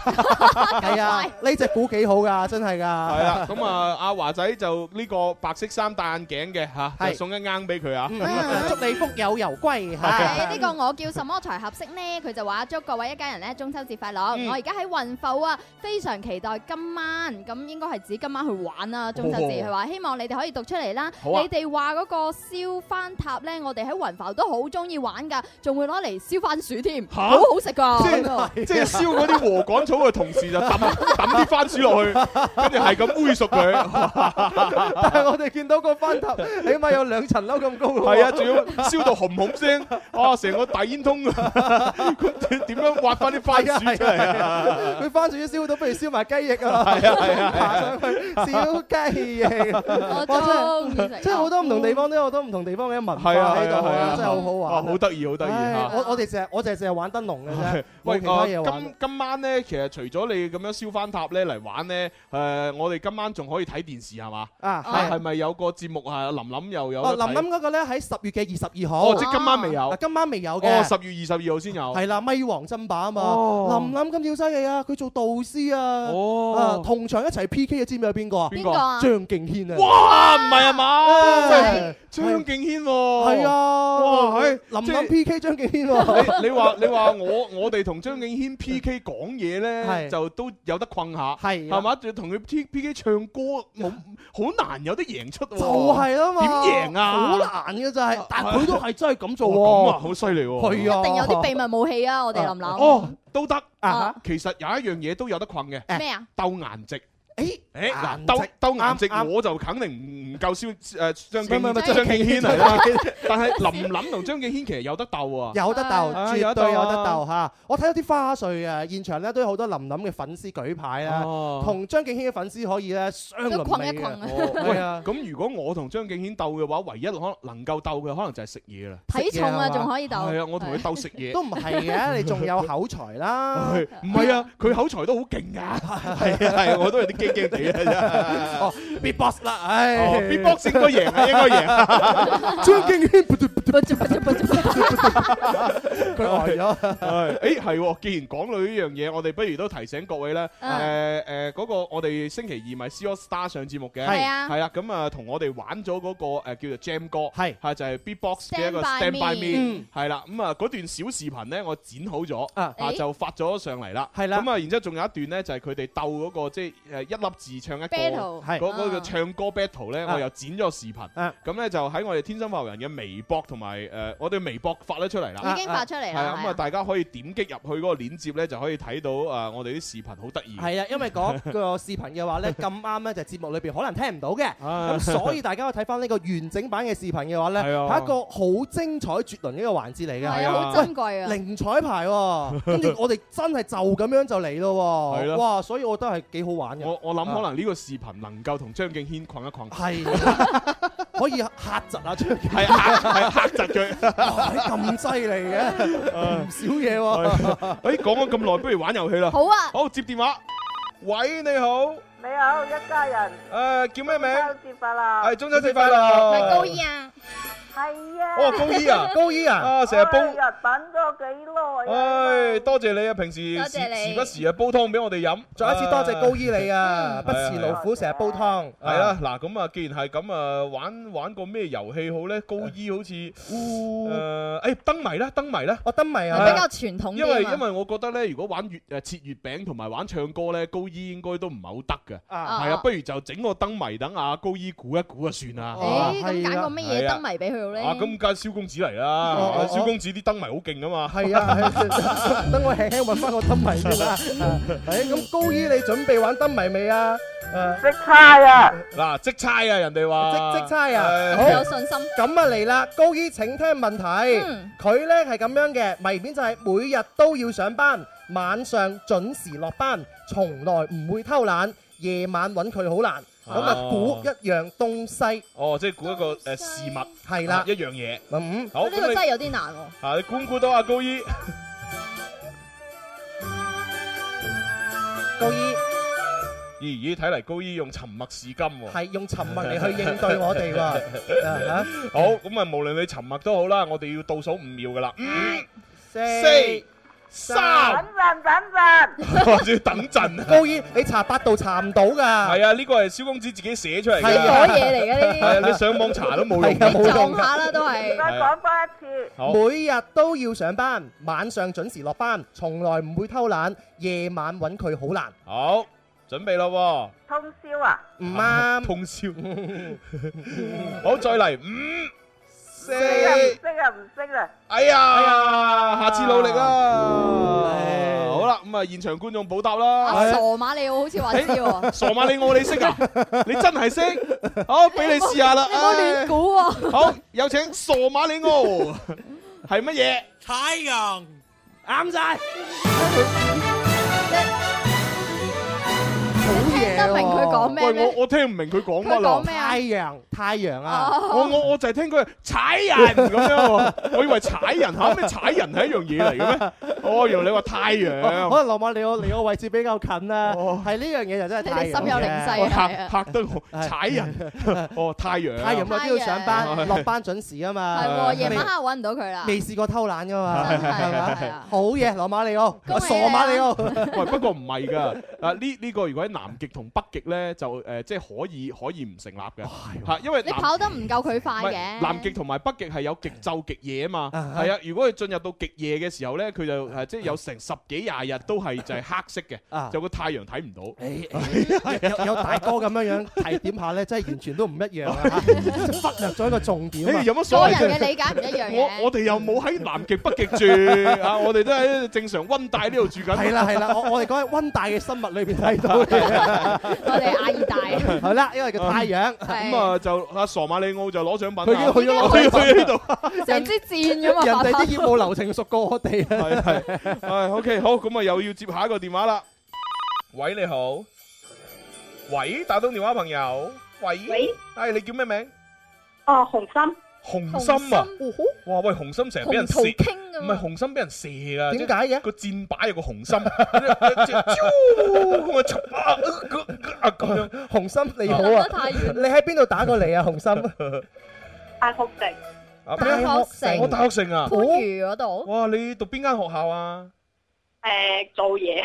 係啊，呢隻股幾好㗎，真係㗎。係啊，咁啊，阿華仔就呢個白色衫戴眼鏡嘅嚇，送一啱俾佢啊，祝你福有攸歸。係呢個我。叫什麼才合適呢？佢就話祝各位一家人咧中秋節快樂。嗯、我而家喺雲浮啊，非常期待今晚，咁應該係指今晚去玩啊。中秋節佢話希望你哋可以讀出嚟啦、啊。你哋話嗰個燒番塔咧，我哋喺雲浮都好中意玩噶，仲會攞嚟燒番薯添，啊、好好食噶。即係即係燒嗰啲禾稈草嘅同時就抌抌啲番薯落去，跟住係咁煨熟佢。 *laughs* 但係我哋見到個番塔，起碼有兩層樓咁高。係啊，仲要、啊、燒到紅紅聲，哇、啊！成個大～煙通啊！佢點樣挖翻啲筷子，出嚟佢番薯都燒到，不如燒埋雞， *laughs* *laughs* 雞翼啊！爬上去燒雞翼，即係好多唔同地方都有好多唔同地方嘅一文化喺度， *laughs* 對對對對對對對對真係好好玩啊啊。好得意，好得意、啊、我我哋成日我成日玩燈籠嘅啫。喂，有玩啊、今今晚咧，其實除咗你咁樣燒翻塔咧嚟玩咧，誒、呃，我哋今晚仲可以睇電視係嘛？啊，係、啊、咪有個節目係、啊、林林又有、啊？林林嗰個咧喺十月嘅二十二號。哦，即今晚未有、啊。今晚未有嘅。啊十、哦、月二十二號先有係啦，咪王爭霸啊嘛、哦，林林咁要犀利啊，佢做導師啊，哦、啊同場一齊 P K 嘅知唔知有邊個啊？邊個、啊？張敬軒啊！哇，唔係啊嘛，張敬軒喎、啊，係啊，哇，係林林 P K 張、就是、敬軒喎、啊！你，你，說你說說話你話我我哋同張敬軒 P K 講嘢咧，就都有得困下，係係嘛，同佢 P P K 唱歌，冇好難有得贏出、啊，就係、是、咯嘛，點贏啊？好難嘅就係，但係佢都係真係咁做，咁啊，好犀利喎！啊、一定有啲秘密武器啊！我哋琳琳哦，都得啊，其實有一樣嘢都有得困嘅咩啊？鬥顏值。誒誒，嗱，鬥鬥顏值我就肯定唔夠消誒張敬軒，但係林林同張敬軒其實有得鬥啊，有得鬥，絕對有得鬥吓！我睇到啲花絮啊，現場咧都有好多林林嘅粉絲舉牌啦，同張敬軒嘅粉絲可以咧，一群一群，係啊！咁如果我同張敬軒鬥嘅話，唯一可能能夠鬥嘅可能就係食嘢啦，體重啊仲可以鬥，係啊！我同佢鬥食嘢都唔係嘅，你仲有口才啦，唔係啊，佢口才都好勁噶，係啊係啊，我都有啲驚。勁地啊！哦，B box 啦，唉，B box 應該贏啊，應該贏。張敬軒。唔做係做唔做，佢、哦、既然講到呢樣嘢，我哋不如都提醒各位咧。誒、啊、誒、呃呃那個我哋星期二咪《C All Star》上節目嘅係啊，係、那個、啊。咁啊，同我哋玩咗個誒叫做 Jam 歌係，係、啊、就係、是、Beatbox 嘅一個 Stand By Me。係啦，咁啊，段小視頻咧，我剪好咗啊，啊，就發咗上嚟啦。係啦。咁啊，啊、然之後仲有一段咧，就係佢哋鬥個即係誒一粒字唱一個，嗰嗰、啊、唱歌 battle 咧，我又剪咗視頻。咁、啊、咧就喺我哋天生化學人嘅微博同埋。係誒、呃，我哋微博發咗出嚟啦，啊啊、已經發出嚟係啊，咁啊，大家可以點擊入去嗰個鏈接咧，就可以睇到誒、呃、我哋啲視頻好得意。係啊，因為嗰個視頻嘅話咧，咁啱咧就節目裏邊可能聽唔到嘅，咁、啊、所以大家可睇翻呢個完整版嘅視頻嘅話咧係、啊、一個好精彩絕倫嘅一個環節嚟嘅。係啊，好、啊、珍貴啊，零彩排跟、啊、住我哋真係就咁樣就嚟咯、啊，啊、哇！所以我都係幾好玩嘅。我我諗可能呢個視頻能夠同張敬軒困一困、啊。係。可以嚇窒啊！出係係嚇窒佢，哇！咁犀利嘅，唔少嘢喎。誒，講咗咁耐，不如玩遊戲啦。好啊，好，接電話。喂，你好。你好，一家人。誒，叫咩名？中秋節快樂。係中秋節快樂。唔係高二啊？係啊！哇、哦，高醫啊，高醫啊， *laughs* 啊，成、哦、日煲日品咗幾耐啊！唉、哎，多謝你啊，平時多謝你時，時不時啊煲湯俾我哋飲、呃，再一次多謝高醫你啊！嗯、不辭勞苦，成日煲湯。係啦，嗱，咁啊，啊啊啊啊啊啊既然係咁啊，玩玩個咩遊戲好咧？高醫好似誒，誒、啊，燈謎咧，燈謎咧，哦，燈謎啊，比較傳統嘅。啊、因為因為我覺得咧，如果玩月誒、呃、切月餅同埋玩唱歌咧，高醫應該都唔係好得嘅。係啊，啊，不如就整個燈謎等阿高醫估一估啊，算、啊、啦。誒、欸，咁揀個乜嘢燈謎俾佢？嗯啊，咁梗係蕭公子嚟啦！蕭公子啲燈謎好勁啊嘛，係啊，等我輕輕問翻個燈謎先啦。誒，咁高姨你準備玩燈謎未啊？即猜啊！嗱，即猜啊，人哋話即即猜啊，好有信心。咁啊嚟啦，高姨請聽問題。佢咧係咁樣嘅，謎面就係每日都要上班，晚上準時落班，從來唔會偷懶，夜晚揾佢好難。咁啊，估一樣東西哦，即係估一個誒、呃、事物，係啦、啊，一樣嘢。嗯，好，呢、這個真係有啲難喎、啊啊。你估唔估到啊高，高姨？高、哎、姨，咦咦，睇嚟高姨用沉默、啊、是金喎，係用沉默嚟去應對我哋喎、啊 *laughs* 啊。好，咁、嗯、啊，無論你沉默都好啦，我哋要倒數五秒噶啦。五、四。四三，等陣，等陣， *laughs* 等陣。高 *laughs* 姨，你查百度查唔到噶。係啊，呢、這個係蕭公子自己寫出嚟嘅。係攞嘢嚟嘅呢啲。係、 *laughs* 啊、你上網查都冇用。係 *laughs* 啊，沒用你撞下啦都係。我講返一次、啊，每日都要上班，晚上準時落班，從來唔會偷懶，夜晚揾佢好難。好，準備咯、啊 *laughs* 啊。通宵啊？唔啱。通宵。好，再嚟五。嗯識啊，唔識啊，唔識啦！哎呀，哎呀，下次努力啊、哎！好啦，咁啊，現場觀眾補答啦。傻馬里奧好似話知啊！傻馬里奧、哎、你識啊？ *laughs* 你真係識？好，俾你試下啦。我亂估啊！好，有請傻馬里奧，係乜嘢？太陽，啱晒。 *music* 聽得明佢講咩？喂，我我聽唔明佢講乜咯。佢講咩？太陽太陽啊！Oh、我我我就係聽佢踩人咁樣喎、啊， *laughs* 我以為踩人吓，咩踩人係一樣嘢嚟嘅咩？哦，原來你話太陽。可能羅馬尼奧離我位置比較近啦、啊。哦，係呢樣嘢就真係。你哋心有靈犀拍拍得我踩人。 *laughs* 哦，太陽、啊、太陽咪都要上班落、啊、班準時啊嘛。係 *laughs* 喎、嗯，夜晚黑揾唔到佢啦。未試過偷懶噶嘛？係 *laughs* 嘛？好嘢，羅馬尼奧，傻馬尼奧。喂、 *laughs* 哎，不過唔係噶，啊呢呢、這個如果喺南極。同北極咧就誒，即係可以可以唔成立嘅，嚇、哎，因為你跑得唔夠佢快嘅。南極同埋北極係有極晝極夜啊嘛，係啊,啊，如果佢進入到極夜嘅時候咧，佢就即係、啊啊啊、有成十幾廿日都係就係黑色嘅、啊，就個太陽睇唔到、哎哎 *laughs* 有。有大哥咁樣樣提點下咧，真係完全都唔一樣忽略咗一個重點啊、哎！個人嘅理解唔一樣我我哋又冇喺南極北極住 *laughs* 啊！我哋都喺正常温帶呢度住緊。係啦係啦，我我哋講喺温帶嘅生物裏邊睇到 *laughs* 我哋阿二大係啦，因為個太陽咁啊，就阿傻馬里奧就攞獎品，佢已經去咗去咗呢度，成支箭咁啊！人哋啲業務流程熟過我哋啊，係係，唉，OK，好，咁啊，又要接下一個電話啦。喂，你好，喂，打通電話朋友，喂喂，係你叫咩名？哦，洪森。紅心啊！心哇喂，紅心成日俾人射，唔係紅心俾人射啊！點解嘅？個箭靶有個紅心，招 *laughs* 啊！ *laughs* 紅心你好啊！你喺邊度打過嚟啊？紅心？大學城，大學城，我大學城啊！番禺嗰度。哇！你讀邊間學校啊？誒、呃，做嘢。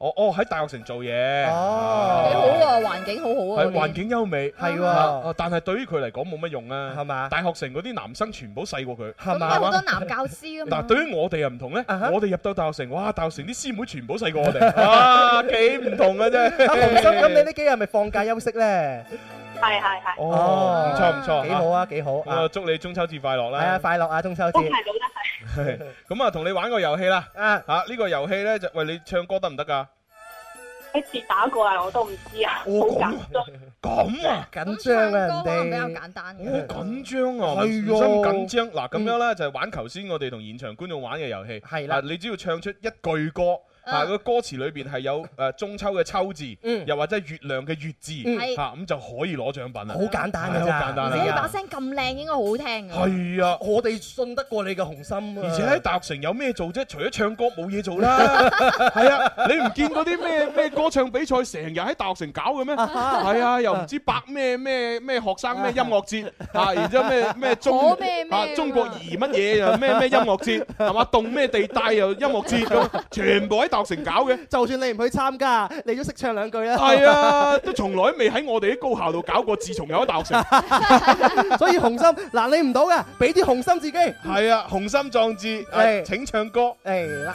哦哦喺大學城做嘢哦，幾好喎，環境好好啊，係環、啊、環境優美係喎、啊啊，但係對於佢嚟講冇乜用啊，係咪啊？大學城嗰啲男生全部細過佢，係咪好多男教師啊嘛。嗱， *laughs* 對於我哋又唔同咧，我哋入到大學城，哇！大學城啲師妹全部細過我哋 *laughs* 啊，幾唔同啊啫，係、 *laughs* 啊。阿紅心咁 *laughs* 你呢幾日咪放假休息咧？係係係哦，唔錯唔錯，幾好啊幾好啊！好啊，祝你中秋節快樂啦！係啊，啊，快樂啊中秋節。咁啊，同 *laughs* 你玩個遊戲啦啊吓、啊、這個、呢個遊戲咧就，喂，你唱歌得唔得噶？一次打過嚟，我都唔知、哦、啊，好緊張咁啊！緊張啊你，可能比較簡單嘅。好緊張啊，係喲！咁緊張嗱，咁、啊、樣咧就是、玩頭先我哋同現場觀眾玩嘅遊戲，係、嗯、啦，你、啊、只要唱出一句歌。啊！個歌詞裏邊係有誒中秋嘅秋字，又或者月亮嘅月字，嚇、嗯、咁就可以攞獎品啦。好簡單㗎咋，簡單而且把聲咁靚，應該好好聽。係啊，啊，我哋信得過你嘅紅心、啊。而且喺大學城有咩做啫？除咗唱歌冇嘢做啦。係 *laughs* 啊，你唔見嗰啲咩咩歌唱比賽成日喺大學城搞嘅咩？係 *laughs* 啊，又唔知白咩咩咩學生咩音樂節 *laughs* 啊，然之後咩咩中、 *laughs* 啊、中國兒乜嘢又咩咩音樂節係嘛？動 *laughs* 咩地帶又音樂節 *laughs* 全部喺大學城搞嘅，就算你唔去參加，你都識唱兩句啦。係啊， *laughs* 都從來未喺我哋啲高校度搞過，自從有喺大學城。 *laughs* *laughs* 所以雄心，嗱你唔到嘅，俾啲雄心自己。係啊，雄心壯志，係、哎、請唱歌。係啦，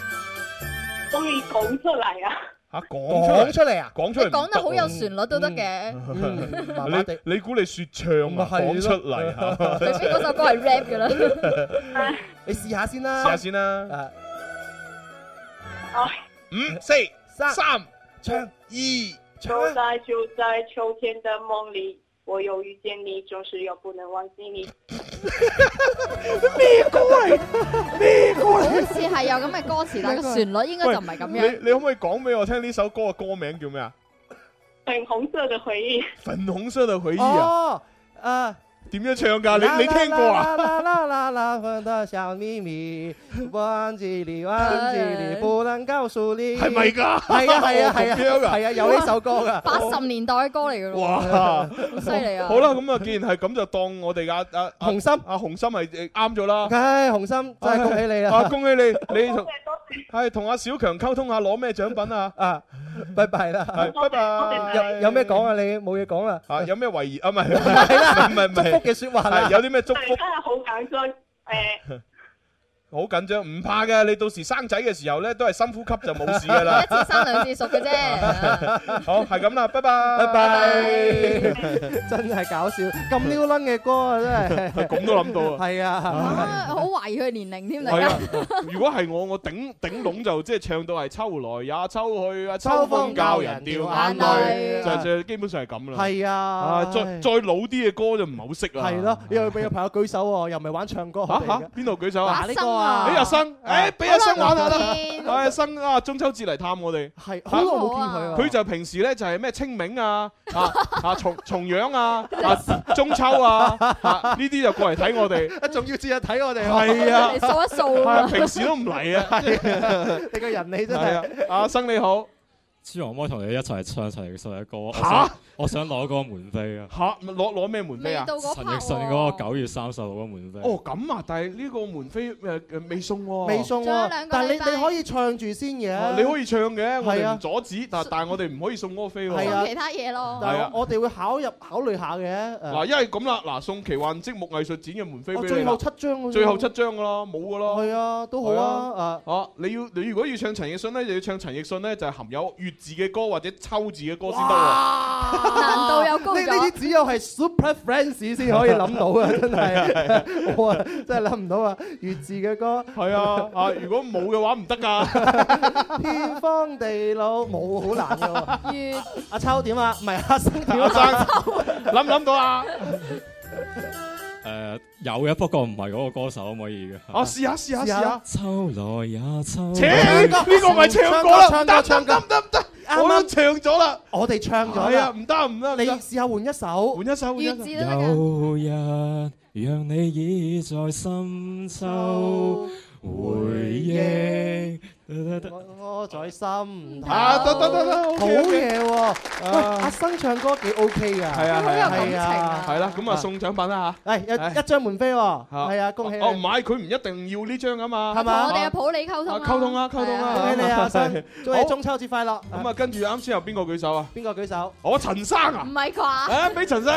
可以講出嚟啊。吓，講出嚟啊，講出嚟。講、啊、得好有旋律都得嘅，嗯嗯嗯嗯。你你估你說唱啊？講出嚟吓，除非嗰首歌係 rap 嘅啦。你試下先啦，試下先啦。啊。五四三三唱二，就在就在秋天的夢裏，我又遇見你，總是又不能忘記你。咩 *laughs* 歌嚟？咩歌嚟？好似係有咁嘅歌詞，但係旋律應該就唔係咁樣你。你可唔可以講俾我聽呢首歌嘅歌名叫咩啊？粉紅色嘅回憶。粉紅色嘅回憶啊！啊、oh, uh,。點樣唱噶？你你聽過啊？係咪噶？係啊係啊係啊，係啊有呢首歌噶，八十年代嘅歌嚟噶咯。哇，好犀利啊！好啦，咁啊，既然係咁，就當我哋阿阿紅心，阿紅心係啱咗啦。唉，紅心，就係恭喜你啦！啊，恭喜你，你係同阿小強溝通下攞咩獎品啊？啊，拜拜啦，拜拜。有有咩講啊？你冇嘢講啦。啊，有咩遺言啊？唔係，唔係，唔係。嘅說話係 *laughs* 有啲咩祝福？真係好簡單，誒。好緊張，唔怕嘅。你到時生仔嘅時候咧，都係深呼吸就冇事噶啦。一次生兩次熟嘅啫。好，係咁啦，拜拜，拜拜。真係搞笑，咁 n e 嘅歌 *laughs* 啊，真係。咁都諗到啊。係啊。好懷、啊啊、疑佢年齡添。係啊。如果係我，我頂頂籠就即係唱到係秋來也、啊、秋去啊秋，秋風教人掉眼淚，就就、啊、基本上係咁啦。係啊，啊。再再老啲嘅歌就唔係好識啦。係、啊、咯。又俾有朋友舉手喎， *laughs* 又咪玩唱歌。啊邊度、啊、舉手啊？俾哇、欸、阿生，誒，俾阿生玩下啦，阿生啊，中秋節嚟探我哋，係，好，好，我冇見佢啊，佢、啊、就平時咧就係咩清明啊，啊啊重重陽啊，啊中秋啊，呢、啊、啲就過嚟睇我哋，啊仲要節日睇我哋，係啊，嚟一數，平時都唔嚟啊，你個人你真係，阿、啊啊啊、生你好。黐王魔同你一齊唱陳奕迅嘅歌，嚇！我想攞嗰個門飛啊，啊！嚇！攞攞咩門飛啊？陳奕迅嗰個九月三十六嗰門飛、啊哦。哦咁啊！但係呢個門飛誒誒未送喎、啊啊。未送喎。但係你你可以唱住先嘅。你可以唱嘅、啊啊，我哋唔阻止，啊、但係但係我哋唔可以送嗰個飛喎。送其他嘢咯、嗯。係啊，我哋會考入考慮下嘅、啊啊。嗱、啊，因為咁啦，嗱，送奇幻積木藝術展嘅門飛、啊。最後七張。最後七張嘅咯，冇嘅咯。係啊，都好啊。啊，啊，啊，你要你如果要唱陳奕迅咧，就要唱陳奕迅咧，就係、是、含有越字嘅歌或者抽字嘅歌先得喎，難度又高咗。呢 *laughs* 啲只有係 Super Friends 先可以諗到啊，真係，真係諗唔到啊！粵字嘅歌係啊，啊如果冇嘅話唔得㗎。天荒地老冇好難喎。阿秋點啊？唔係啊，秋生諗唔諗到啊？誒，有嘅，不過唔係嗰個歌手可唔可以嘅？我、啊、試下，試下，試下，下。秋來也秋來也，切，呢、這個唔係唱歌啦，得得得得得，啱啱唱咗啦，我哋唱咗。係啊，唔得唔得，你試下換一首，換一首。一首有日讓你倚在深秋回憶。嗯我在心啊，得得得得，好嘢喎！阿生唱歌幾 OK 噶，係啊，係啊，係啦。咁啊，送獎品啦嚇，係一張門飛喎，係啊，恭喜！哦，唔買佢唔一定要呢張噶嘛，係嘛？我哋係普利溝通啊，溝通啦，溝通啦！恭喜你，阿生，祝你中秋節快樂！咁啊，跟住啱先有邊個舉手啊？邊個舉手？我陳生啊？唔係啩？啊，俾陳生，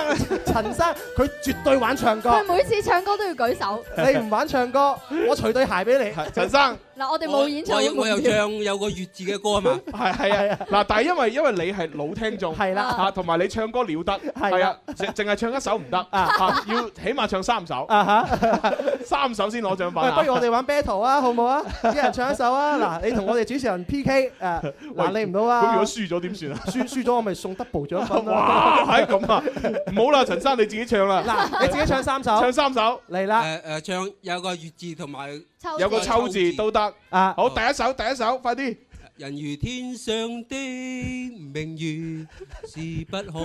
陳生佢絕對玩唱歌，佢每次唱歌都要舉手。你唔玩唱歌，我除對鞋俾你，陳生。嗱，我哋冇演唱會，我又唱有個粵字嘅歌啊嘛，係係啊。嗱，但係因為因為你係老聽眾，係啦，嚇，同埋你唱歌了得，係啊，淨淨係唱一首唔得，嚇，要起碼唱三首，嚇，三首先攞獎品。不如我哋玩 battle 啊，好唔好啊？啲人唱一首啊，嗱，你同我哋主持人 PK，誒，嗱，你唔到啊。咁如果輸咗點算啊？輸輸咗我咪送 double 獎品咯。哇，係咁啊！唔好啦，陳生你自己唱啦，嗱，你自己唱三首，唱三首嚟啦。誒誒，唱有個粵字同埋。有個秋字都得。好，第一首第一首快啲。人如天上的明月，是不可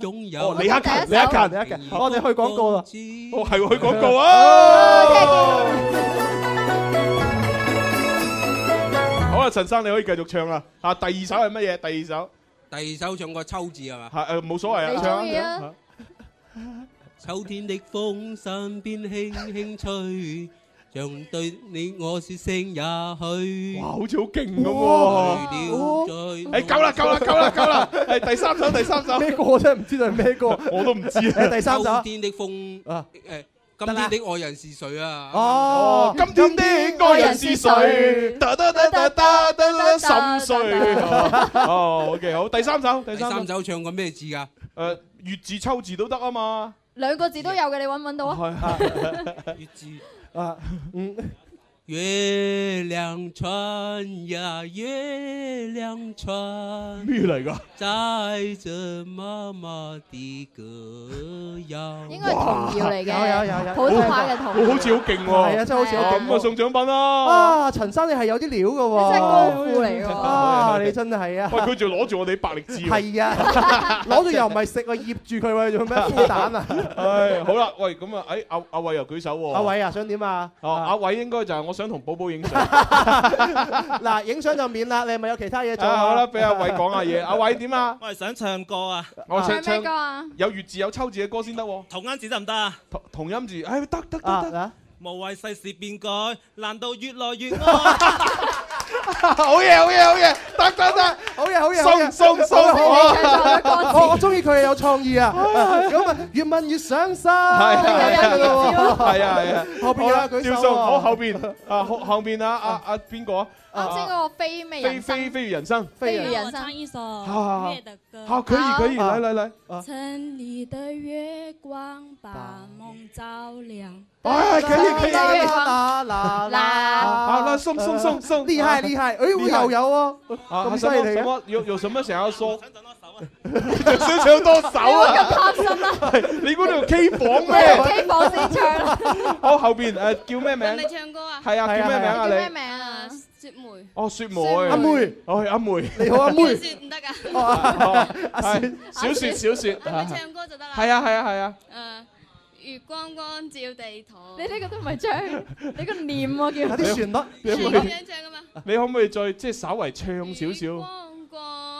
擁有。李克勤，李克勤，李克勤，我哋去廣告啦。哦，係去廣告啊！好啦，陳生你可以繼續唱啦。吓，第二首係乜嘢？第二首，第二首唱個秋字係嘛？係誒，冇所謂啊，唱啊。秋天的風，身邊輕輕吹。像對你我說聲也許，哇，好似好勁咁喎！哎，夠啦，夠啦，夠啦，夠啦！係第三首，第三首，咩歌我真係唔知道係咩歌，我都唔知啊！第三首，秋天的風，誒，今天的愛人是誰啊？哦，今天的愛人是誰？噠噠噠噠噠噠噠，心碎。哦，OK，好，第三首，第三首，唱個咩字噶？誒，月字、秋字都得啊嘛。兩個字都有嘅，你搵唔搵到啊？月字。啊，嗯。月亮船呀，月亮船，咩嚟噶？媽媽的格格 *laughs* 應該係童謠嚟嘅，有有有有有普通話嘅童謠，好似好勁喎，真係好似好勁咁啊！送獎品啦！啊，陳、嗯啊、生你係有啲料嘅、啊，你真功夫嚟嘅，啊，你真係啊！ *laughs* 喂，佢仲攞住我哋啲白力滋，係啊，攞住又唔係食啊，醃住佢喂，做咩孵蛋啊？唉 *laughs* 、哎，好啦，喂，咁、哎、啊，誒、啊，阿阿偉又舉手喎、啊，阿偉啊，想點啊？哦、啊，阿偉應該就係我。啊想同寶寶影相，嗱，影相就免啦，你咪有其他嘢做。好啦，俾阿偉講下嘢，阿偉點啊？我、啊、係 *laughs* 想唱歌啊！我啊唱唱歌啊！有粵字有秋字嘅歌先得、啊啊。同音字得唔得啊？同同音字，唉，得得得得。無謂世事變改，難道越來越惡？ *laughs* *laughs* 好嘢好嘢好嘢，得得得，好嘢好嘢，送送我送，我送我，我中意佢有創意啊！咁 *laughs* 啊呀，越問越上心，係啊係啊，後邊有舉手，好後邊啊後後邊啊啊啊邊個啊？啊啊啊，啊，啊！這個飛飛飛非人生，飛人生，唱一首好，好，好，好，可以，可以，來，來，來，啊！城裏、啊啊、的月光把夢照亮。哎、啊啊啊啊啊啊，可以，可以，啦啦啦啦、啊啦，啦，啦啊。好了，送送送、啊、送，厲、啊、害厲害，哎，我有有哦，啊，這、啊、麼什麼有有什麼想要說？ *laughs* 你想唱多首啊！你嗰度、啊、 *laughs* K 房咩？K 房先唱啦。 *laughs* *laughs* 好後邊誒、呃，叫咩名？係咪唱歌啊？係啊，叫咩名啊？你叫咩名啊？雪梅。哦，雪梅。阿梅、啊哦、梅、梅，哦，阿梅、啊，你好，阿梅。雪唔得噶。阿、 *laughs* 啊、雪，小雪，小雪。係咪唱歌就得啦？係啊，係啊，係啊。誒、啊啊，月光光照地堂。你呢個都唔係唱，啊、光光你個念我叫。有啲旋律咯，船一樣唱噶嘛。你可唔可以再即係稍為唱少少？光光。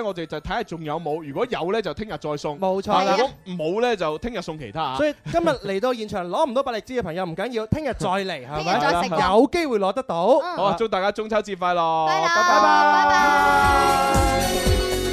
我哋就睇下仲有冇，如果有呢，就聽日再送。冇錯，如果冇呢，就聽日送其他啊。所以今日嚟到現場攞唔 *laughs* 到百力滋嘅朋友唔緊要，聽日再嚟，聽 *laughs* 日再食，有機會攞得到。嗯、好啊，祝大家中秋節快樂，拜拜，拜拜。拜拜。